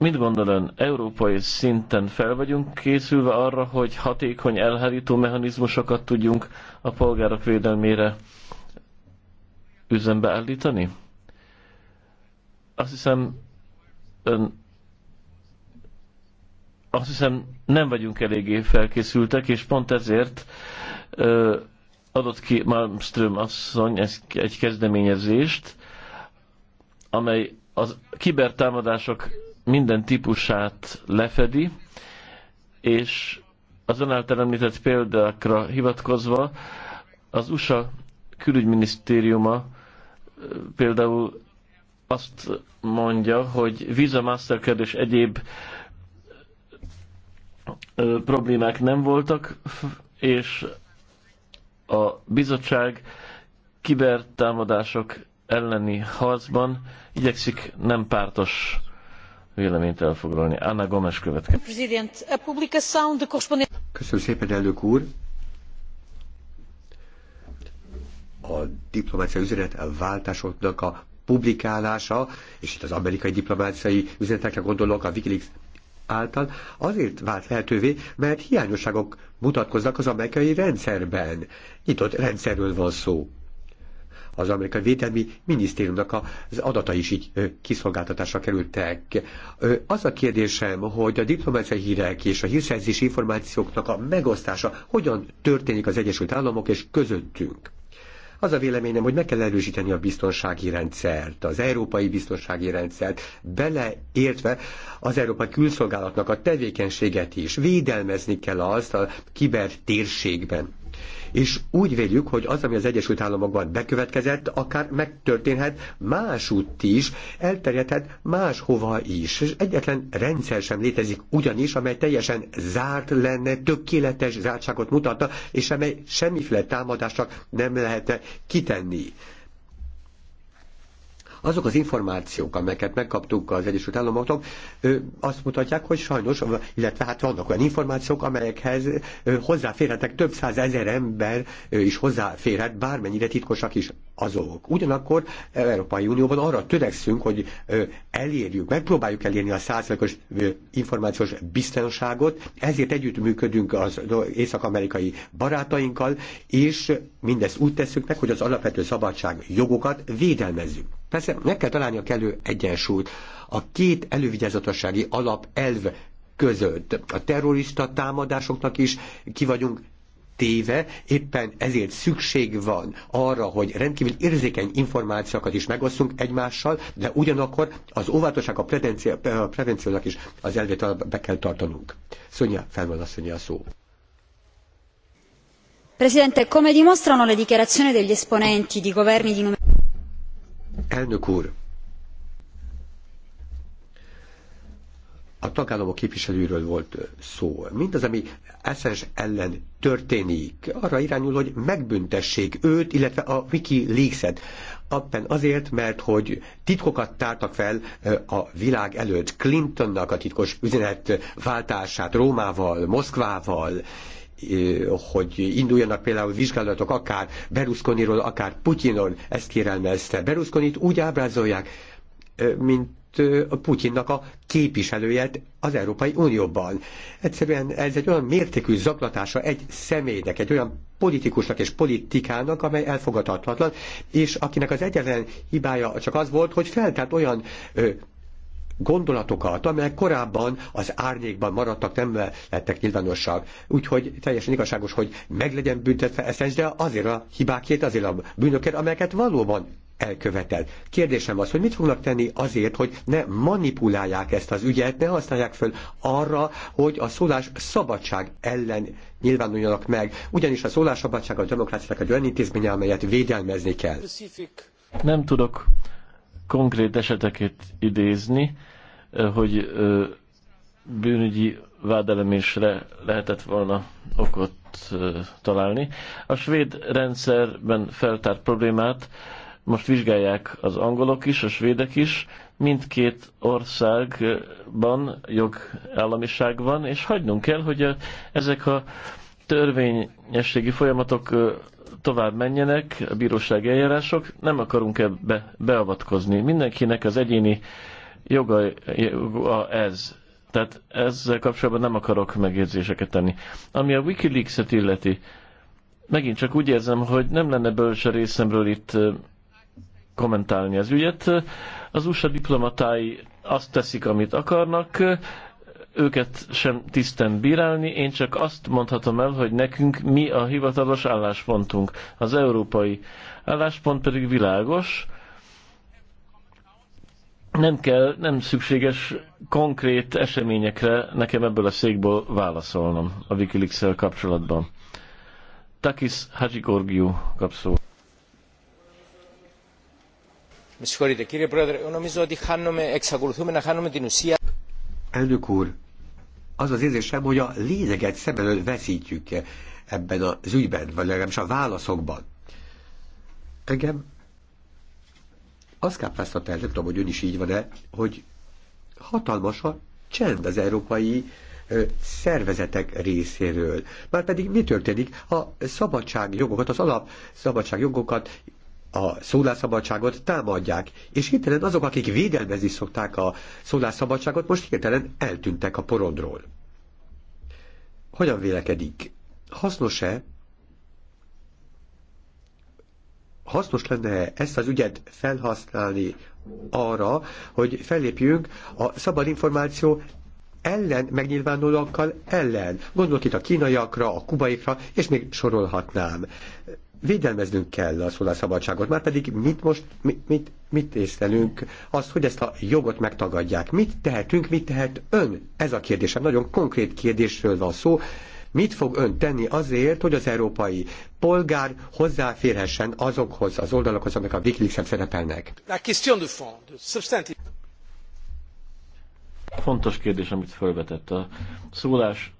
S1: Mit gondol ön, európai szinten fel vagyunk készülve arra, hogy hatékony elhárító mechanizmusokat tudjunk a polgárok védelmére üzembe állítani? Azt hiszem, ön azt hiszem nem vagyunk eléggé felkészültek, és pont ezért ö, adott ki Malmström asszony egy kezdeményezést, amely a kibertámadások minden típusát lefedi, és az ön említett példákra hivatkozva az USA külügyminisztériuma például azt mondja, hogy Visa, Mastercard és egyéb problémák nem voltak, és a bizottság kibertámadások elleni harcban igyekszik nem pártos véleményt elfoglalni. Anna Gomes
S2: következik.
S1: Köszönöm szépen, elnök úr!
S3: A diplomáciai üzenet a váltásoknak a publikálása, és itt az amerikai diplomáciai üzenetekre gondolok, a Wikileaks által azért vált lehetővé, mert hiányosságok mutatkoznak az amerikai rendszerben. Nyitott rendszerről van szó az amerikai védelmi minisztériumnak az adata is így kiszolgáltatásra kerültek. Az a kérdésem, hogy a diplomáciai hírek és a hírszerzési információknak a megosztása hogyan történik az Egyesült Államok és közöttünk? Az a véleményem, hogy meg kell erősíteni a biztonsági rendszert, az európai biztonsági rendszert, beleértve az európai külszolgálatnak a tevékenységet is. Védelmezni kell azt a kibertérségben és úgy véljük, hogy az, ami az Egyesült Államokban bekövetkezett, akár megtörténhet másútt is, elterjedhet máshova is. És egyetlen rendszer sem létezik ugyanis, amely teljesen zárt lenne, tökéletes zártságot mutatna, és amely semmiféle támadásnak nem lehetne kitenni. Azok az információk, amelyeket megkaptunk az Egyesült Államoktól, azt mutatják, hogy sajnos, illetve hát vannak olyan információk, amelyekhez hozzáférhetek több száz ezer ember is hozzáférhet, bármennyire titkosak is azok. Ugyanakkor Európai Unióban arra törekszünk, hogy elérjük, megpróbáljuk elérni a százalékos információs biztonságot, ezért együttműködünk az észak-amerikai barátainkkal, és mindezt úgy tesszük meg, hogy az alapvető szabadság jogokat védelmezzük. Persze meg kell találni a kellő egyensúlyt. A két elővigyázatossági alap elv között a terrorista támadásoknak is ki vagyunk téve, éppen ezért szükség van arra, hogy rendkívül érzékeny információkat is megosztunk egymással, de ugyanakkor az óvatosság a, a prevenciónak is az elvét be kell tartanunk. Szonya, felválaszolja a szó.
S5: Presidente, come dimostrano le dichiarazioni degli esponenti di governi di
S3: Elnök úr! a tagállamok képviselőről volt szó. Mindaz, ami Assange ellen történik, arra irányul, hogy megbüntessék őt, illetve a Wiki Leaks-et. Abban azért, mert hogy titkokat tártak fel a világ előtt Clintonnak a titkos üzenet váltását Rómával, Moszkvával, hogy induljanak például vizsgálatok akár Berlusconiról, akár Putyinon, ezt kérelmezte. Berlusconit úgy ábrázolják, mint Putyinnak a képviselőjét az Európai Unióban. Egyszerűen ez egy olyan mértékű zaklatása egy személynek, egy olyan politikusnak és politikának, amely elfogadhatatlan, és akinek az egyetlen hibája csak az volt, hogy feltárt olyan ö, gondolatokat, amelyek korábban az árnyékban maradtak, nem lettek nyilvánosság. Úgyhogy teljesen igazságos, hogy meg legyen büntetve de azért a hibákért, azért a bűnökért, amelyeket valóban elkövetel. Kérdésem az, hogy mit fognak tenni azért, hogy ne manipulálják ezt az ügyet, ne használják föl arra, hogy a szólás szabadság ellen nyilvánuljanak meg, ugyanis a szólásszabadság a demokráciának egy olyan intézménye, amelyet védelmezni kell.
S1: Nem tudok konkrét eseteket idézni, hogy bűnügyi vádelemésre lehetett volna okot találni. A svéd rendszerben feltárt problémát most vizsgálják az angolok is, a svédek is. Mindkét országban jogállamiság van, és hagynunk kell, hogy ezek a törvényességi folyamatok tovább menjenek a bírósági eljárások, nem akarunk ebbe beavatkozni. Mindenkinek az egyéni joga, joga ez. Tehát ezzel kapcsolatban nem akarok megjegyzéseket tenni. Ami a Wikileaks-et illeti, megint csak úgy érzem, hogy nem lenne bölcs a részemről itt kommentálni az ügyet. Az USA diplomatái azt teszik, amit akarnak, őket sem tisztem bírálni, én csak azt mondhatom el, hogy nekünk mi a hivatalos álláspontunk. Az európai álláspont pedig világos, nem kell, nem szükséges konkrét eseményekre nekem ebből a székből válaszolnom a wikileaks kapcsolatban. Takis Hadzsigorgiu kap szó.
S3: Elnök úr, az az érzésem, hogy a lényeget szem előtt veszítjük -e ebben az ügyben, vagy legalábbis a válaszokban. Engem azt kápráztatta el, nem tudom, hogy ön is így van-e, hogy hatalmas a csend az európai ö, szervezetek részéről. pedig mi történik? A szabadságjogokat, az alap szabadságjogokat a szólásszabadságot támadják, és hirtelen azok, akik védelmezni szokták a szólásszabadságot, most hirtelen eltűntek a porondról. Hogyan vélekedik? Hasznos-e hasznos lenne ezt az ügyet felhasználni arra, hogy fellépjünk a szabad információ ellen megnyilvánulókkal ellen. Gondolok itt a kínaiakra, a kubaikra, és még sorolhatnám védelmeznünk kell a szólásszabadságot, már pedig mit most, mit, mit, mit észlelünk, az, hogy ezt a jogot megtagadják. Mit tehetünk, mit tehet ön? Ez a kérdésem, nagyon konkrét kérdésről van szó. Mit fog ön tenni azért, hogy az európai polgár hozzáférhessen azokhoz az oldalakhoz, amik a Wikileaks-en
S1: szerepelnek? Fontos kérdés, amit felvetett a szólás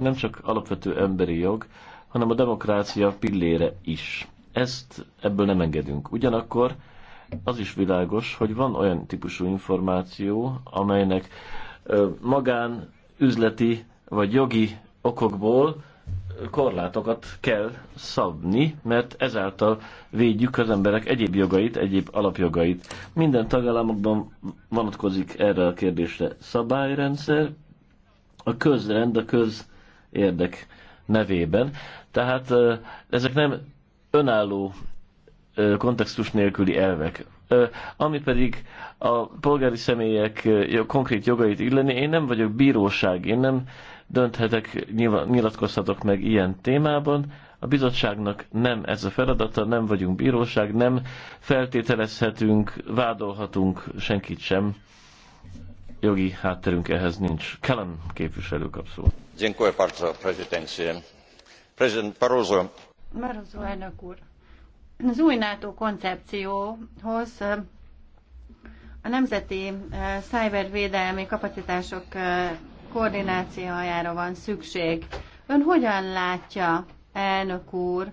S1: nem csak alapvető emberi jog, hanem a demokrácia pillére is. Ezt ebből nem engedünk. Ugyanakkor az is világos, hogy van olyan típusú információ, amelynek magán, üzleti vagy jogi okokból korlátokat kell szabni, mert ezáltal védjük az emberek egyéb jogait, egyéb alapjogait. Minden tagállamokban vonatkozik erre a kérdésre szabályrendszer, a közrend, a közérdek nevében. Tehát ezek nem önálló kontextus nélküli elvek. Ami pedig a polgári személyek konkrét jogait illeni, én nem vagyok bíróság, én nem dönthetek, nyilatkozhatok meg ilyen témában. A bizottságnak nem ez a feladata, nem vagyunk bíróság, nem feltételezhetünk, vádolhatunk senkit sem. Jogi hátterünk ehhez nincs. Kellen képviselő kap szó.
S4: Barroso elnök úr, az új NATO koncepcióhoz a nemzeti szájbervédelmi kapacitások koordinációjára van szükség. Ön hogyan látja, elnök úr,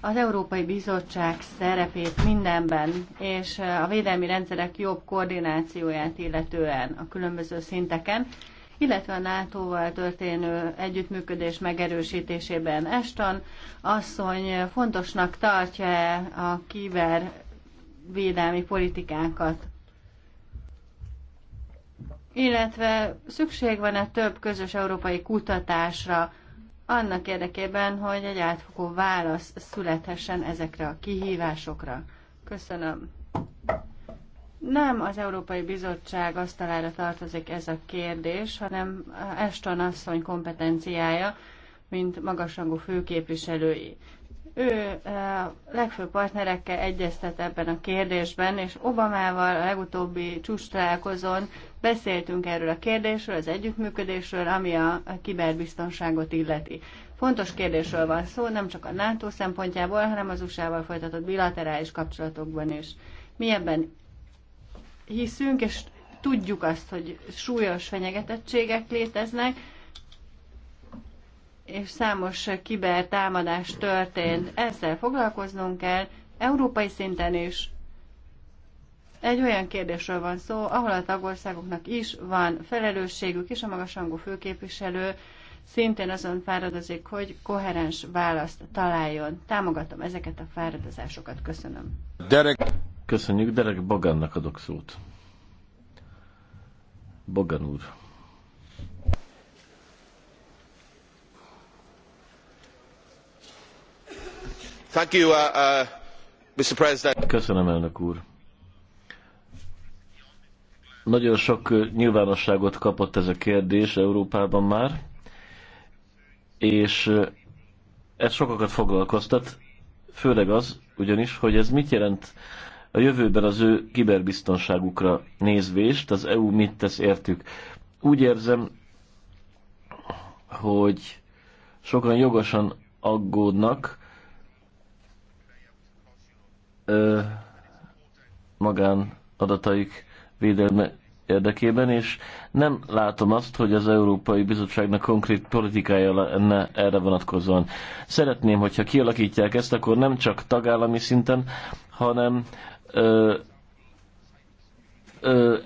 S4: az Európai Bizottság szerepét mindenben, és a védelmi rendszerek jobb koordinációját illetően a különböző szinteken, illetve a NATO-val történő együttműködés megerősítésében. Eston asszony fontosnak tartja -e a védelmi politikánkat? Illetve szükség van-e több közös európai kutatásra annak érdekében, hogy egy átfogó válasz születhessen ezekre a kihívásokra? Köszönöm. Nem az Európai Bizottság asztalára tartozik ez a kérdés, hanem Eston asszony kompetenciája, mint magasrangú főképviselői. Ő eh, legfőbb partnerekkel egyeztet ebben a kérdésben, és Obamával a legutóbbi csúcs találkozón beszéltünk erről a kérdésről, az együttműködésről, ami a kiberbiztonságot illeti. Fontos kérdésről van szó, nem csak a NATO szempontjából, hanem az USA-val folytatott bilaterális kapcsolatokban is. Mi ebben hiszünk, és tudjuk azt, hogy súlyos fenyegetettségek léteznek, és számos támadás történt. Ezzel foglalkoznunk kell, európai szinten is. Egy olyan kérdésről van szó, ahol a tagországoknak is van felelősségük, és a magasrangú főképviselő szintén azon fáradozik, hogy koherens választ találjon. Támogatom ezeket a fáradozásokat. Köszönöm.
S1: Derek. Köszönjük, Derek Bogannak adok szót. Bogan úr. Thank you, uh, uh, Mr. President. Köszönöm, elnök úr. Nagyon sok uh, nyilvánosságot kapott ez a kérdés Európában már, és uh, ez sokakat foglalkoztat, főleg az ugyanis, hogy ez mit jelent a jövőben az ő kiberbiztonságukra nézvést, az EU mit tesz értük. Úgy érzem, hogy sokan jogosan aggódnak ö, magán adataik védelme érdekében, és nem látom azt, hogy az Európai Bizottságnak konkrét politikája lenne erre vonatkozóan. Szeretném, hogyha kialakítják ezt, akkor nem csak tagállami szinten, hanem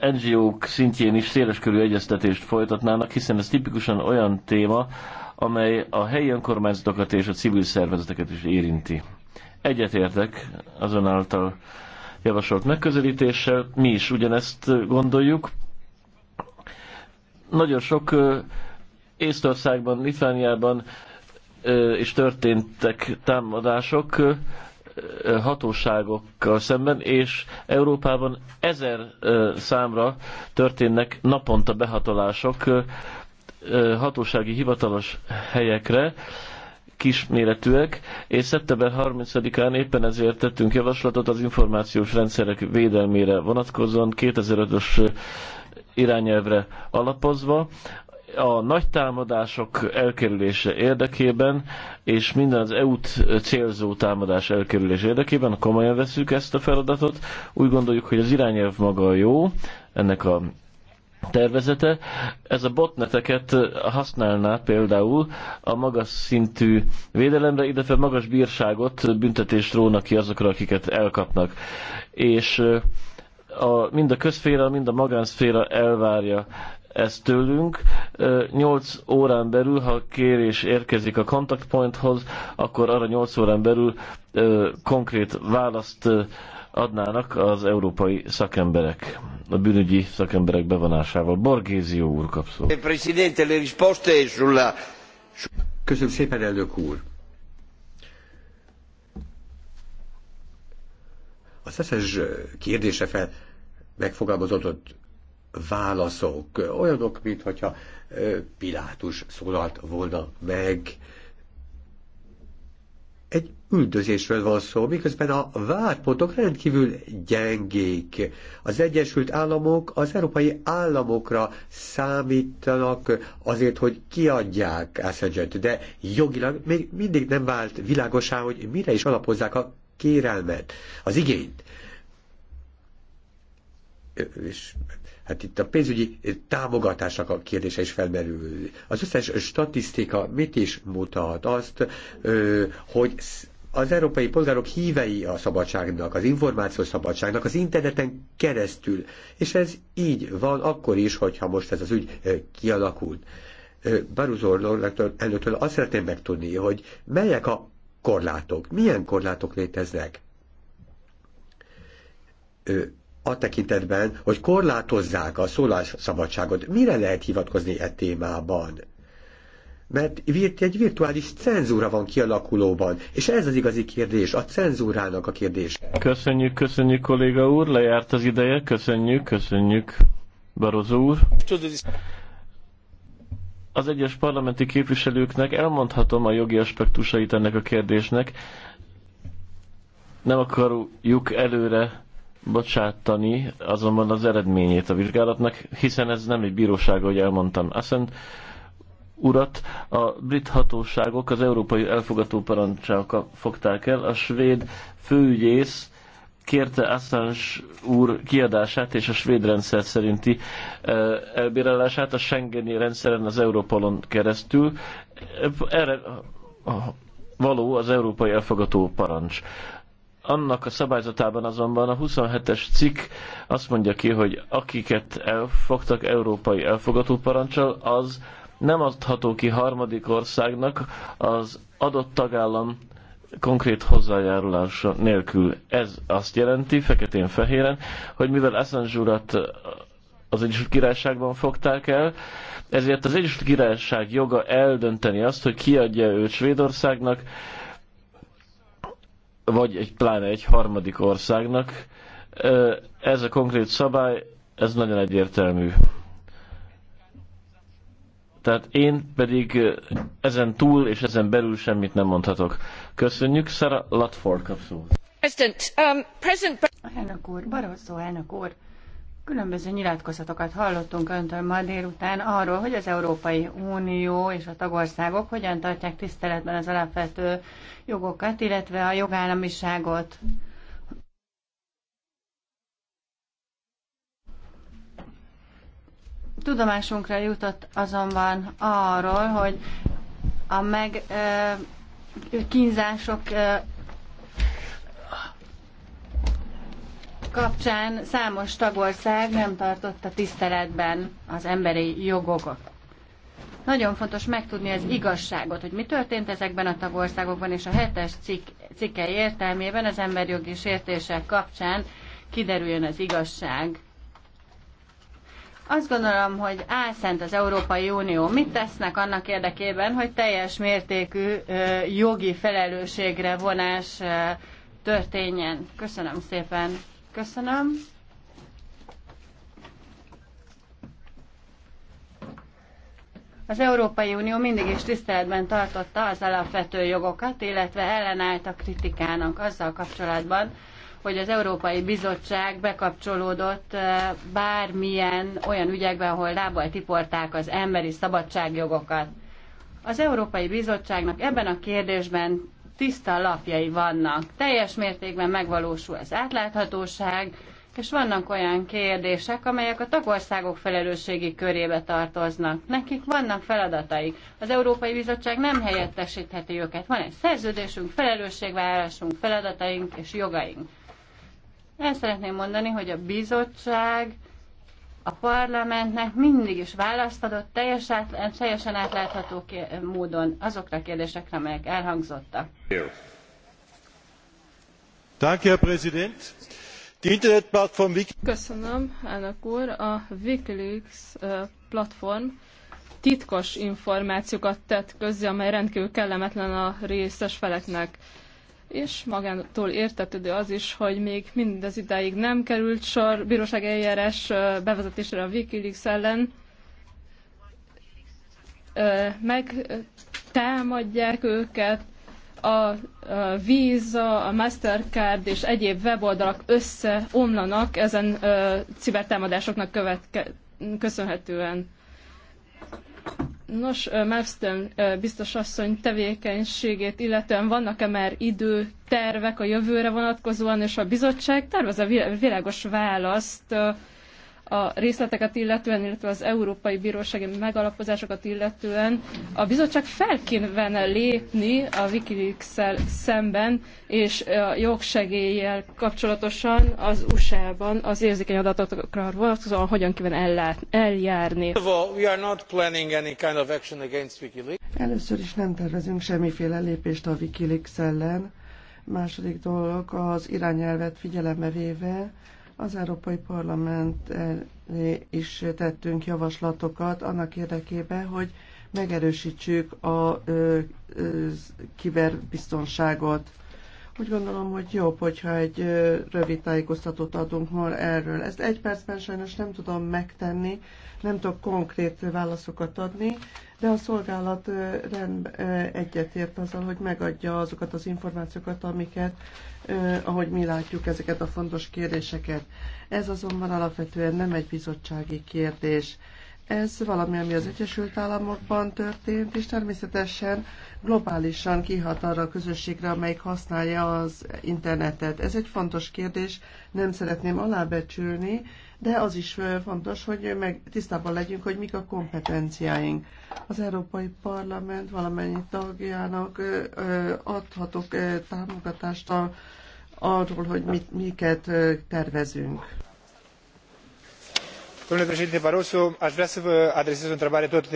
S1: NGO-k szintjén is széleskörű egyeztetést folytatnának, hiszen ez tipikusan olyan téma, amely a helyi önkormányzatokat és a civil szervezeteket is érinti. Egyetértek azonáltal javasolt megközelítéssel, mi is ugyanezt gondoljuk. Nagyon sok Észtországban, Litvániában és történtek támadások, hatóságokkal szemben, és Európában ezer számra történnek naponta behatolások hatósági hivatalos helyekre, kisméretűek, és szeptember 30-án éppen ezért tettünk javaslatot az információs rendszerek védelmére vonatkozóan 2005-ös irányelvre alapozva, a nagy támadások elkerülése érdekében, és minden az EU-t célzó támadás elkerülése érdekében, komolyan veszük ezt a feladatot, úgy gondoljuk, hogy az irányelv maga jó, ennek a tervezete. Ez a botneteket használná például a magas szintű védelemre, illetve magas bírságot, büntetést rónak ki azokra, akiket elkapnak. És a, mind a közféra, mind a magánszféra elvárja ezt tőlünk. 8 órán belül, ha kérés érkezik a contact pointhoz, akkor arra 8 órán belül konkrét választ adnának az európai szakemberek, a bűnügyi szakemberek bevonásával. Borgézió úr kap szó. Eh,
S3: Köszönöm szépen, elnök úr. Az összes kérdése fel megfogalmazott válaszok, olyanok, mint hogyha Pilátus szólalt volna meg. Egy üldözésről van szó, miközben a vádpontok rendkívül gyengék. Az Egyesült Államok az európai államokra számítanak azért, hogy kiadják assange de jogilag még mindig nem vált világosá, hogy mire is alapozzák a kérelmet, az igényt és hát itt a pénzügyi támogatásnak a kérdése is felmerül. Az összes statisztika mit is mutat? Azt, hogy az európai polgárok hívei a szabadságnak, az információs szabadságnak az interneten keresztül. És ez így van akkor is, hogyha most ez az ügy kialakult. Baruzor előttől azt szeretném megtudni, hogy melyek a korlátok, milyen korlátok léteznek a tekintetben, hogy korlátozzák a szólásszabadságot. Mire lehet hivatkozni e témában? Mert egy virtuális cenzúra van kialakulóban, és ez az igazi kérdés, a cenzúrának a kérdés.
S1: Köszönjük, köszönjük kolléga úr, lejárt az ideje, köszönjük, köszönjük Barozó úr. Az egyes parlamenti képviselőknek elmondhatom a jogi aspektusait ennek a kérdésnek. Nem akarjuk előre bocsátani azonban az eredményét a vizsgálatnak, hiszen ez nem egy bíróság, ahogy elmondtam. Aztán urat a brit hatóságok az európai elfogató parancsával fogták el. A svéd főügyész kérte Assange úr kiadását és a svéd rendszer szerinti e, elbírálását a Schengeni rendszeren az Európolon keresztül. Erre való az európai elfogató parancs. Annak a szabályzatában azonban a 27-es cikk azt mondja ki, hogy akiket elfogtak európai elfogató parancsal, az nem adható ki harmadik országnak az adott tagállam konkrét hozzájárulása nélkül. Ez azt jelenti, feketén-fehéren, hogy mivel Assange urat az Egyesült Királyságban fogták el, ezért az Egyesült Királyság joga eldönteni azt, hogy kiadja őt Svédországnak, vagy egy, pláne egy harmadik országnak. Ez a konkrét szabály, ez nagyon egyértelmű. Tehát én pedig ezen túl és ezen belül semmit nem mondhatok. Köszönjük, Sarah Latford kapszó.
S4: President, um, President... Elnök úr, Barroso elnök úr, Különböző nyilatkozatokat hallottunk öntől ma délután arról, hogy az Európai Unió és a tagországok hogyan tartják tiszteletben az alapvető jogokat, illetve a jogállamiságot. Tudomásunkra jutott azonban arról, hogy a meg kínzások kapcsán számos tagország nem tartotta tiszteletben az emberi jogokat. Nagyon fontos megtudni az igazságot, hogy mi történt ezekben a tagországokban, és a hetes cikk, cikke értelmében az emberjogi sértések kapcsán kiderüljön az igazság. Azt gondolom, hogy álszent az Európai Unió. Mit tesznek annak érdekében, hogy teljes mértékű jogi felelősségre vonás történjen? Köszönöm szépen! Köszönöm. Az Európai Unió mindig is tiszteletben tartotta az alapvető jogokat, illetve ellenállt a kritikának azzal kapcsolatban, hogy az Európai Bizottság bekapcsolódott eh, bármilyen olyan ügyekben, ahol lábbal tiporták az emberi szabadságjogokat. Az Európai Bizottságnak ebben a kérdésben tiszta lapjai vannak. Teljes mértékben megvalósul az átláthatóság, és vannak olyan kérdések, amelyek a tagországok felelősségi körébe tartoznak. Nekik vannak feladataik. Az Európai Bizottság nem helyettesítheti őket. Van egy szerződésünk, felelősségvállásunk, feladataink és jogaink. El szeretném mondani, hogy a bizottság a parlamentnek mindig is választ adott teljes át, teljesen átlátható módon azokra a kérdésekre, amelyek elhangzottak.
S2: Köszönöm, elnök úr. A Wikileaks platform titkos információkat tett közzé, amely rendkívül kellemetlen a részes feleknek és magától értetődő az is, hogy még mindez idáig nem került sor bíróság eljárás bevezetésre a Wikileaks ellen. támadják őket, a Visa, a Mastercard és egyéb weboldalak összeomlanak ezen cibertámadásoknak követke- köszönhetően. Nos, Malmström biztos asszony tevékenységét, illetően vannak-e már időtervek a jövőre vonatkozóan, és a bizottság tervez a világos választ a részleteket illetően, illetve az Európai Bírósági megalapozásokat illetően a bizottság felkínvene lépni a wikileaks szemben, és a jogsegéllyel kapcsolatosan az USA-ban az érzékeny adatokra vonatkozóan hogyan kíván eljárni. Először
S6: is nem tervezünk semmiféle lépést a Wikileaks ellen. Második dolog az irányelvet figyelembe véve, az Európai Parlament is tettünk javaslatokat annak érdekében, hogy megerősítsük a ö, ö, kiberbiztonságot. Úgy gondolom, hogy jobb, hogyha egy ö, rövid tájékoztatót adunk ma erről. Ezt egy percben sajnos nem tudom megtenni, nem tudok konkrét válaszokat adni, de a szolgálat rend, egyetért azzal, hogy megadja azokat az információkat, amiket, ahogy mi látjuk ezeket a fontos kérdéseket. Ez azonban alapvetően nem egy bizottsági kérdés. Ez valami, ami az Egyesült Államokban történt, és természetesen globálisan kihat arra a közösségre, amelyik használja az internetet. Ez egy fontos kérdés, nem szeretném alábecsülni, de az is fontos, hogy meg tisztában legyünk, hogy mik a kompetenciáink. Az Európai Parlament valamennyi tagjának adhatok támogatást arról, hogy mit, miket tervezünk.
S3: Domnule președinte Barroso, aș vrea să vă adresez o întrebare tot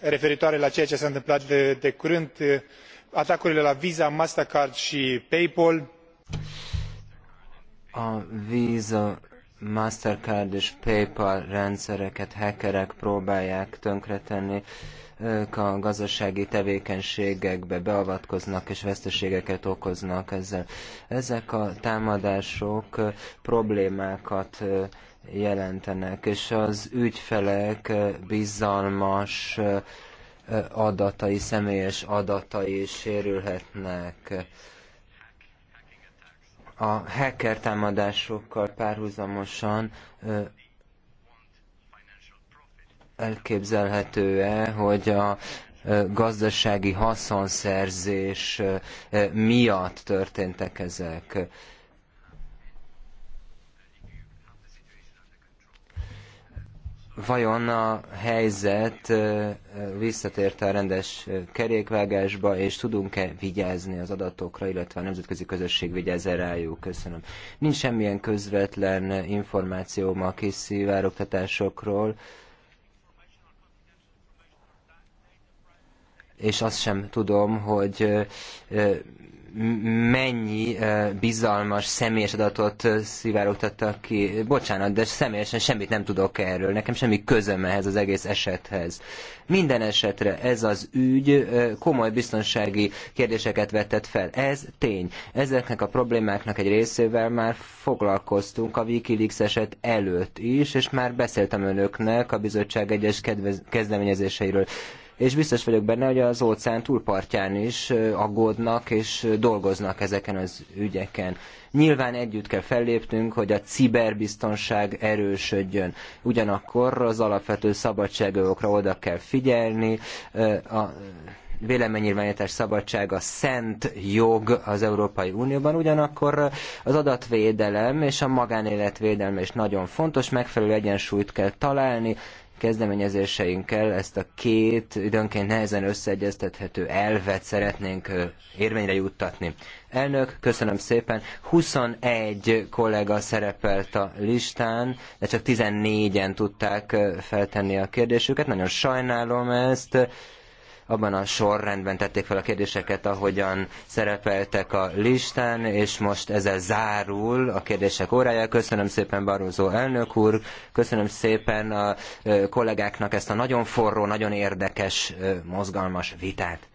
S3: referitoare la ceea ce s-a întâmplat de, de curând, atacurile la Visa, Mastercard și PayPal.
S5: A Visa Mastercard és PayPal rendszereket hackerek próbálják tönkretenni, ők a gazdasági tevékenységekbe beavatkoznak és veszteségeket okoznak ezzel. Ezek a támadások problémákat jelentenek, és az ügyfelek bizalmas adatai, személyes adatai sérülhetnek a hacker támadásokkal párhuzamosan elképzelhető-e, hogy a gazdasági haszonszerzés miatt történtek ezek? vajon a helyzet visszatért a rendes kerékvágásba, és tudunk-e vigyázni az adatokra, illetve a nemzetközi közösség vigyáz -e rájuk? Köszönöm. Nincs semmilyen közvetlen információm a kiszivárogtatásokról, és azt sem tudom, hogy mennyi bizalmas személyes adatot szivárogtattak ki. Bocsánat, de személyesen semmit nem tudok erről. Nekem semmi közöm ehhez az egész esethez. Minden esetre ez az ügy komoly biztonsági kérdéseket vetett fel. Ez tény. Ezeknek a problémáknak egy részével már foglalkoztunk a Wikileaks eset előtt is, és már beszéltem önöknek a bizottság egyes kezdeményezéseiről és biztos vagyok benne, hogy az óceán túlpartján is aggódnak és dolgoznak ezeken az ügyeken. Nyilván együtt kell fellépnünk, hogy a ciberbiztonság erősödjön. Ugyanakkor az alapvető szabadságokra oda kell figyelni, a véleménynyilvánítás szabadsága szent jog az Európai Unióban, ugyanakkor az adatvédelem és a magánélet védelme is nagyon fontos, megfelelő egyensúlyt kell találni, kezdeményezéseinkkel ezt a két időnként nehezen összeegyeztethető elvet szeretnénk érvényre juttatni. Elnök, köszönöm szépen. 21 kollega szerepelt a listán, de csak 14-en tudták feltenni a kérdésüket. Nagyon sajnálom ezt abban a sorrendben tették fel a kérdéseket, ahogyan szerepeltek a listán, és most ezzel zárul a kérdések órája. Köszönöm szépen Barózó elnök úr, köszönöm szépen a kollégáknak ezt a nagyon forró, nagyon érdekes, mozgalmas vitát.